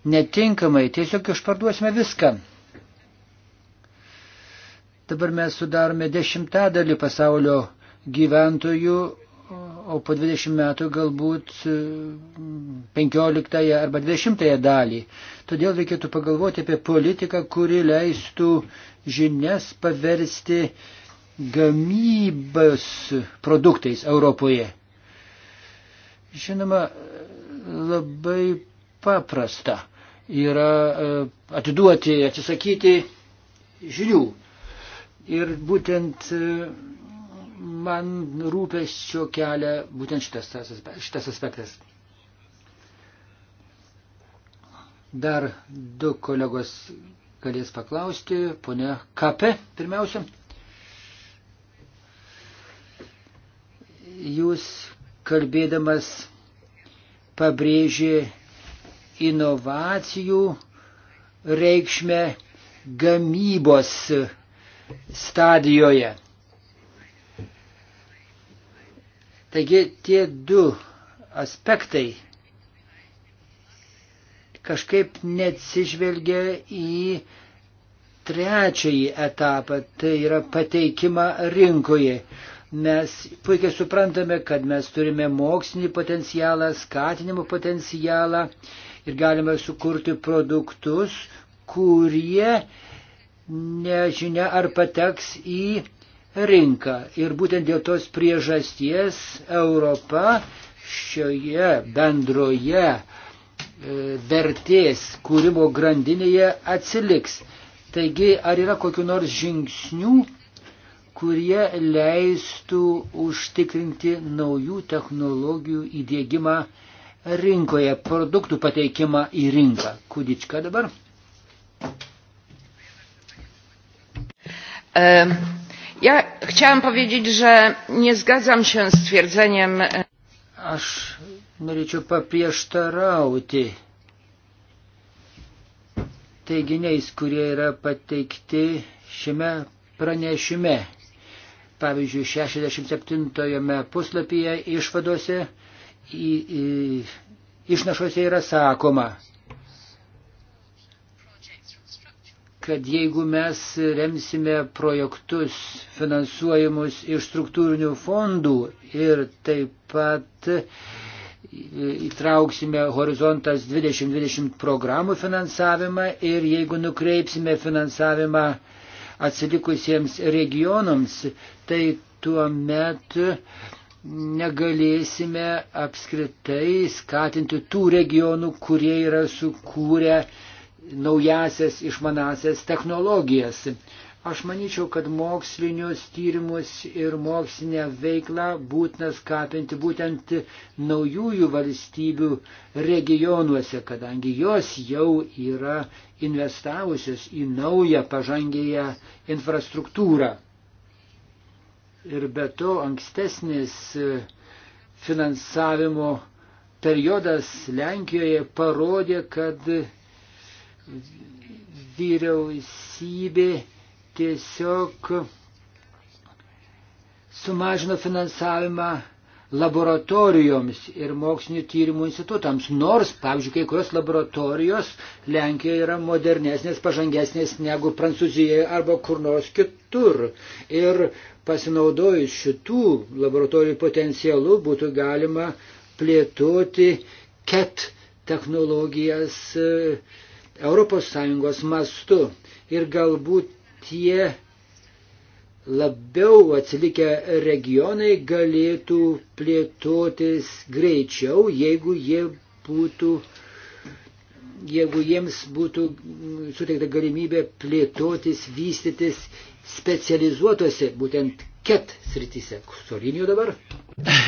netinkamai, tiesiog išparduosime viską. Dabar mes sudarome dešimtadalį pasaulio gyventojų, o po 20 metų galbūt 15 e, arba 20 dalį. Todėl reikėtų pagalvoti apie politiką, kuri leistų žinias paversti gamybos produktais Europoje. Žinoma, labai paprasta yra e, atiduoti, atsisakyti žinių. Ir būtent e, man rūpesčio kelia būtent šitas, šitas aspektas. Dar du kolegos galės paklausti. Pone Kape, pirmiausia. Jūs kalbėdamas pabrėžė inovacijų reikšmę gamybos stadijoje. Taigi tie du aspektai kažkaip neatsižvelgia į trečiąjį etapą, tai yra pateikimą rinkoje. Mes puikiai suprantame, kad mes turime mokslinį potencialą, skatinimo potencialą, uh, ir galime sukurti produktus, kurie nežinia ar pateks į rinką. Ir būtent dėl tos priežasties Europa šioje bendroje e, vertės kūrimo grandinėje atsiliks. Taigi, ar yra kokiu nors žingsnių, kurie leistų užtikrinti naujų technologijų įdėgymą rinkoje, produktų pateikimą į rinką. Kudička dabar. E,
ja chciałam powiedzieć, że nie zgadzam się z twierdzeniem. E,
Aš norėčiau paprieštarauti teiginiais, kurie yra pateikti šiame pranešime. Pavyzdžiui, 67 puslapyje išvadose į, į, išnašuose yra sakoma, kad jeigu mes remsime projektus finansuojamus iš struktūrinių fondų ir taip pat e, įtrauksime horizontas 2020 programų finansavimą ir jeigu nukreipsime finansavimą atsilikusiems regionams, tai tuo metu negalėsime apskritai skatinti tų regionų, kurie yra sukūrę naujasias išmanasias technologijas. Aš manyčiau, kad mokslinius tyrimus ir mokslinę veiklą būtina skatinti būtent naujųjų valstybių regionuose, kadangi jos jau yra investavusios į naują pažangėją infrastruktūrą. Ir be to ankstesnis e, finansavimo periodas Lenkijoje parodė, kad vyriausybė tiesiog sumažino finansavimą laboratorijoms ir mokslinio tyrimų institutams, nors, pavyzdžiui, kai kurios laboratorijos Lenkijoje yra modernesnės, pažangesnės negu Prancūzijoje arba kur nors kitur. Ir pasinaudojus šitų laboratorijų potencialu būtų galima plėtoti ket technologijas ES mastu. Ir galbūt tie labiau atsilikę regionai galėtų plėtotis greičiau, jeigu, jie būtų, jeigu jiems būtų suteikta galimybė plėtotis, vystytis specializuotose, būtent ket srityse. Sorinio dabar?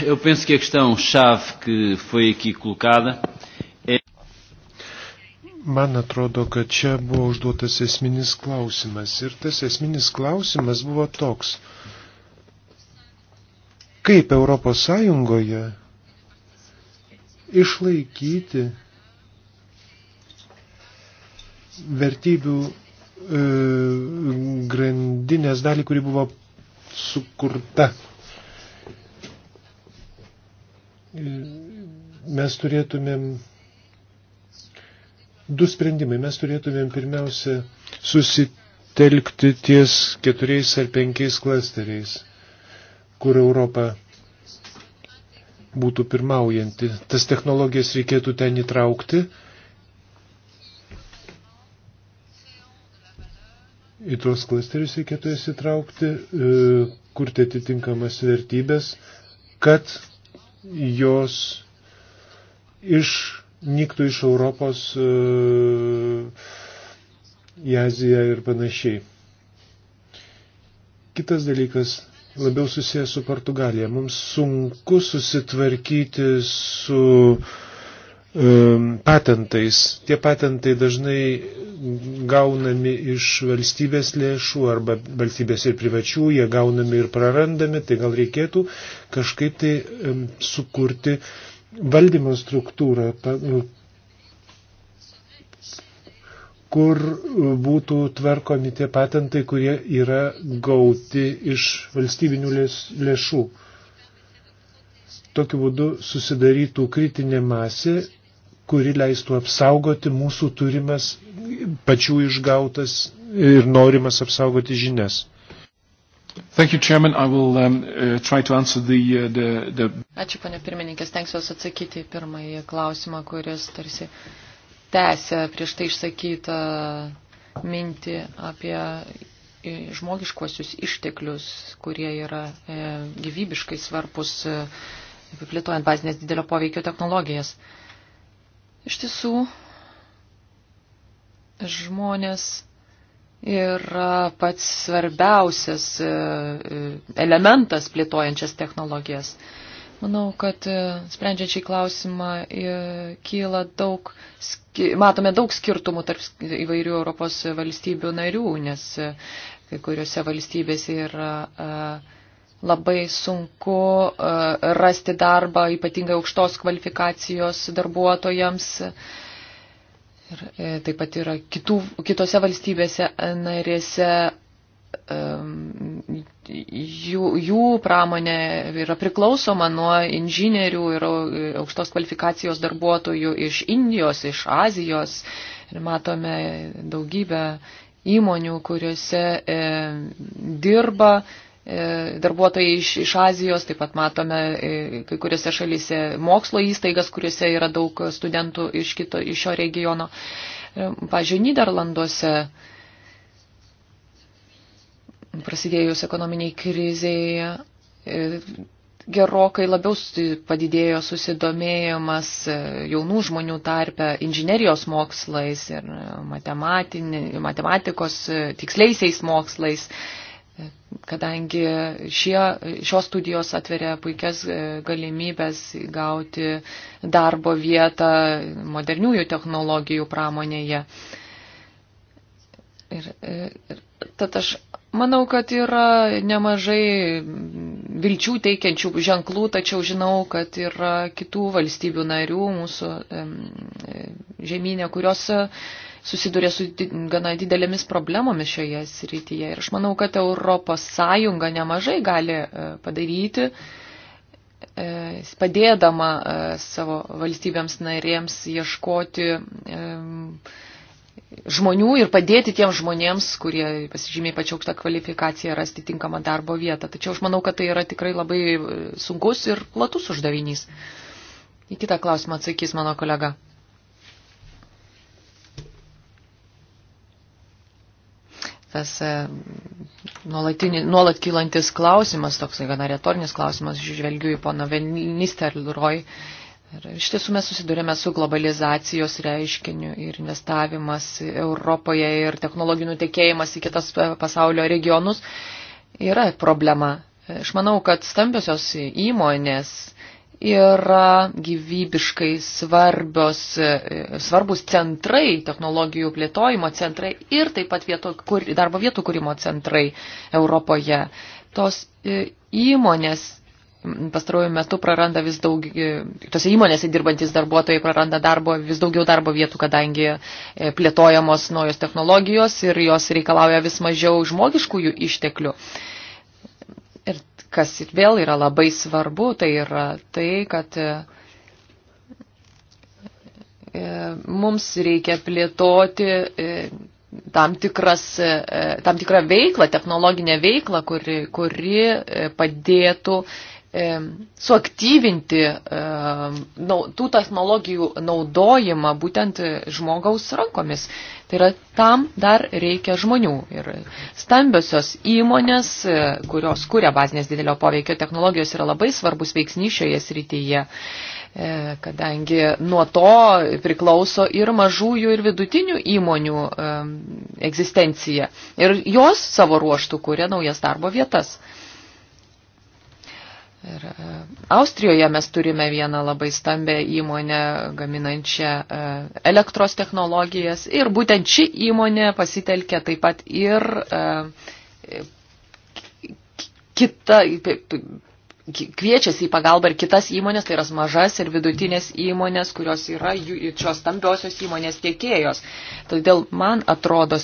Eu penso que a questão-chave que foi aqui colocada
Man atrodo, kad čia buvo užduotas esminis klausimas. Ir tas esminis klausimas buvo toks. Kaip Europos Sąjungoje išlaikyti vertybių e, grandinės dalį, kuri buvo sukurta. E, mes turėtumėm du sprendimai. Mes turėtumėm pirmiausia susitelkti ties keturiais ar penkiais klasteriais, kur Europa būtų pirmaujanti. Tas technologijas reikėtų ten įtraukti. Į tuos klasterius reikėtų įsitraukti, e, kurti atitinkamas vertybės, kad jos iš nyktų iš Europos e, į Aziją ir panašiai. Kitas dalykas labiau susijęs su Portugalija. Mums sunku susitvarkyti su um, patentais. Tie patentai dažnai gaunami iš valstybės lėšų arba valstybės ir privačių, jie gaunami ir prarandami, tai gal reikėtų kažkaip tai um, sukurti uh, valdymo struktūrą, kur būtų tvarkomi tie patentai, kurie yra gauti iš valstybinių lėšų. Tokiu būdu susidarytų kritinė masė, kuri leistų apsaugoti mūsų turimas, pačių išgautas ir norimas apsaugoti žinias. Thank you, Chairman. I will um, uh, try to answer the, uh, the, the...
Ačiū, ponė pirmininkė. Stengsiuosi atsakyti į pirmąjį klausimą, kuris tarsi tęsia prieš tai išsakytą mintį apie e, žmogiškuosius išteklius, kurie yra e, gyvybiškai svarbus, e, plėtojant bazinės didelio poveikio technologijas. Iš tiesų, žmonės yra pats svarbiausias e, e, elementas plėtojančias technologijas. Manau, kad e, sprendžiant šį klausimą kyla daug, matome daug skirtumų tarp įvairių Europos valstybių narių, nes kai kuriuose valstybėse yra labai sunku rasti darbą ypatingai aukštos kvalifikacijos darbuotojams Ir e, taip pat yra kitų, kitose valstybėse e, narėse jų, jų pramonė yra priklausoma nuo inžinierių ir e, aukštos kvalifikacijos darbuotojų iš Indijos, iš Azijos. Ir matome daugybę įmonių, kuriuose e, dirba E, darbuotojai iš, iš Azijos, taip pat matome e, kai kuriuose šalyse mokslo įstaigas, kuriuose yra daug studentų iš, kito, iš šio regiono. E, pavyzdžiui, Niderlanduose prasidėjus ekonominiai kriziai gerokai labiau padidėjo susidomėjimas jaunų žmonių tarpe inžinerijos mokslais ir matematikos tiksliaisiais mokslais kadangi šie, šios studijos atveria puikias e, galimybės gauti darbo vietą moderniųjų technologijų pramonėje. Ir, e, ir tad aš manau, kad yra nemažai vilčių teikiančių ženklų, tačiau žinau, kad yra kitų valstybių narių mūsų e, žemynė, kurios susiduria su gana didelėmis problemomis šioje srityje. Ir aš manau, kad Europos Sąjunga nemažai gali e, padaryti, e, padėdama e, savo valstybėms narėms ieškoti žmonių ir padėti tiems žmonėms, kurie pasižymiai pačia aukštą kvalifikaciją, rasti tinkamą darbo vietą. Tačiau aš manau, kad tai yra tikrai labai sunkus ir platus uždavinys. Į kitą klausimą atsakys mano kolega. tas e, nuolat kylantis klausimas, toks gana retorinis klausimas, žvelgiu į pono Venisterlroj. Ir iš tiesų mes susidurėme su globalizacijos reiškiniu ir investavimas Europoje ir technologinių tekėjimas į kitas pasaulio regionus yra problema. Aš manau, kad stambiosios įmonės yra gyvybiškai svarbios, svarbus centrai, technologijų plėtojimo centrai ir taip pat vieto, kur, darbo vietų kūrimo centrai Europoje. Tos e, įmonės pastarojų metų praranda vis daug, e, tose įmonėse dirbantis darbuotojai praranda darbo, vis daugiau darbo vietų, kadangi e, plėtojamos naujos technologijos ir jos reikalauja vis mažiau žmogiškųjų išteklių kas ir vėl yra labai svarbu, tai yra tai, kad e, e, mums reikia plėtoti e, tam, tikras, tam tikrą veiklą, technologinę veiklą, kuri, kuri padėtų E, suaktyvinti e, tų technologijų naudojimą būtent žmogaus rankomis. Tai yra tam dar reikia žmonių. Ir stambiosios įmonės, e, kurios kuria bazinės didelio poveikio technologijos, yra labai svarbus veiksnys šioje srityje, kadangi nuo to priklauso ir mažųjų ir vidutinių įmonių egzistencija. Ir jos savo ruoštų kuria naujas darbo vietas. Ir e, Austrijoje mes turime vieną labai stambę įmonę gaminančią e, elektros technologijas ir būtent ši įmonė pasitelkia taip pat ir e, kita, kviečiasi į pagalbą ir kitas įmonės, tai yra mažas ir vidutinės įmonės, kurios yra šios stambiosios įmonės tiekėjos. Todėl man atrodo,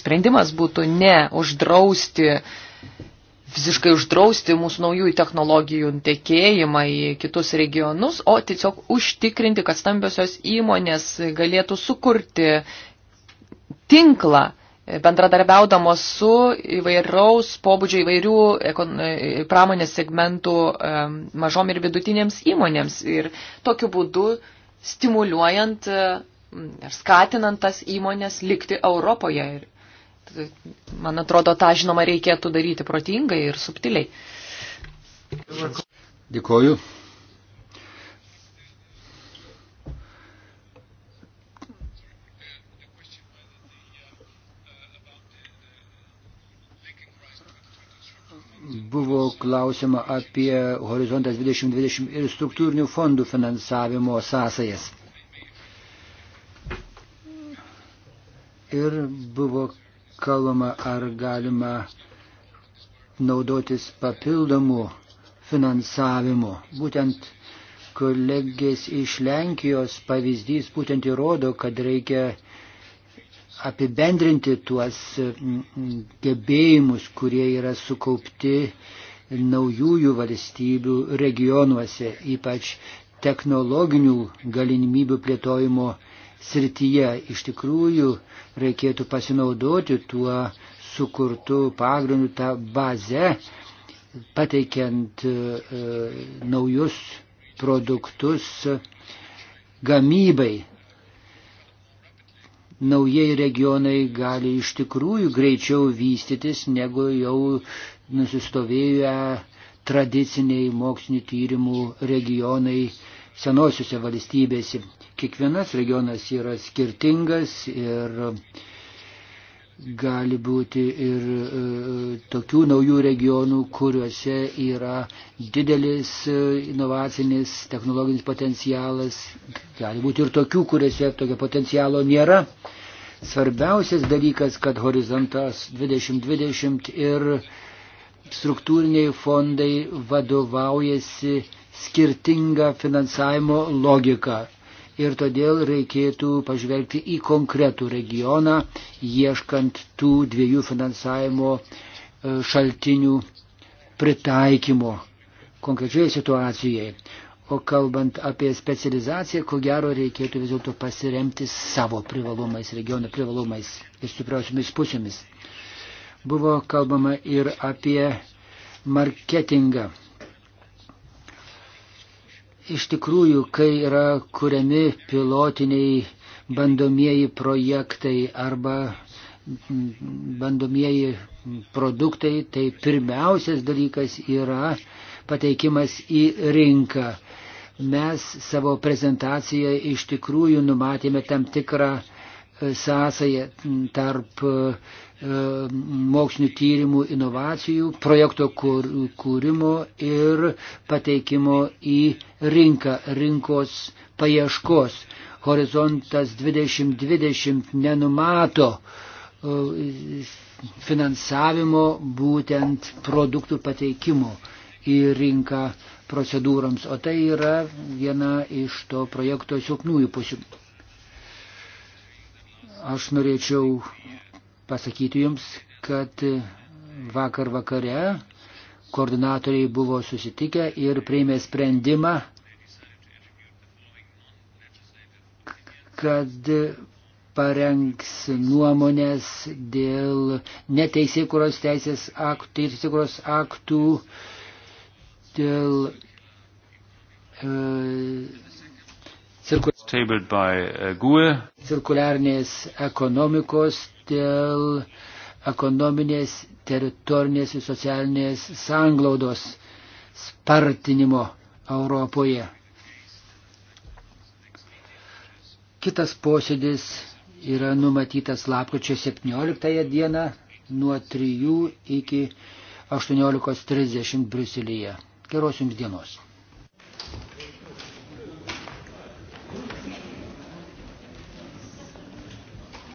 sprendimas būtų ne uždrausti visiškai uždrausti mūsų naujųjų technologijų tekėjimą į kitus regionus, o tiesiog užtikrinti, kad stambiosios įmonės galėtų sukurti tinklą e, bendradarbiaudamos su įvairaus pobūdžio įvairių e, pramonės segmentų e, mažom ir vidutinėms įmonėms. Ir tokiu būdu stimuliuojant ar skatinant tas įmonės likti Europoje ir man atrodo, tą žinoma reikėtų daryti protingai ir subtiliai.
Dėkoju. Buvo klausima apie Horizontas 2020 ir struktūrinių fondų finansavimo sąsajas. Ir buvo kalbama, ar galima naudotis papildomų finansavimų. Būtent kolegės iš Lenkijos pavyzdys būtent įrodo, kad reikia apibendrinti tuos gebėjimus, kurie yra sukaupti naujųjų valstybių regionuose, ypač technologinių galimybių plėtojimo srityje. Iš tikrųjų, reikėtų pasinaudoti tuo sukurtu pagrindu, tą bazę, pateikiant e, e, naujus produktus gamybai. Naujieji regionai gali iš tikrųjų greičiau vystytis, negu jau nusistovėję tradiciniai mokslinio tyrimų regionai senosiuose valstybėse. Kiekvienas regionas yra skirtingas ir gali būti ir e, tokių naujų regionų, kuriuose yra didelis e, inovacinis technologinis potencialas, gali būti ir tokių, kuriuose tokio potencialo nėra. Svarbiausias dalykas, kad horizontas 2020 ir struktūriniai fondai vadovaujasi skirtingą finansavimo logiką. Ir todėl reikėtų pažvelgti į konkretų regioną, ieškant tų dviejų finansavimo e, šaltinių pritaikymo konkrečioje situacijoje. O kalbant apie specializaciją, ko gero reikėtų vis dėlto pasiremti savo privalumais, regiono privalumais ir stipriausiamis pusėmis. Buvo kalbama ir apie marketingą. Iš tikrųjų, kai yra kuriami pilotiniai bandomieji projektai arba bandomieji produktai, tai pirmiausias dalykas yra pateikimas į rinką. Mes savo prezentaciją iš tikrųjų numatėme tam tikrą sąsąją tarp e, mokslinių tyrimų, inovacijų, projekto kūrimo ir pateikimo į rinką, rinkos paieškos. Horizontas 2020 nenumato e, finansavimo būtent produktų pateikimo į rinką procedūrams, o tai yra viena iš to projekto silpnųjų pusių. Aš norėčiau pasakyti Jums, kad vakar vakare koordinatoriai buvo susitikę ir priėmė sprendimą, kad parengs nuomonės dėl neteisėkuros teisės aktų, teisėkuros aktų, dėl e, cirkuliacijos. Uh, cirkuliarnės ekonomikos dėl ekonominės, teritorinės ir socialinės sanglaudos spartinimo Europoje. Kitas posėdis yra numatytas lapkričio 17 dieną nuo 3 iki 18.30 Briuselėje. Geros jums dienos.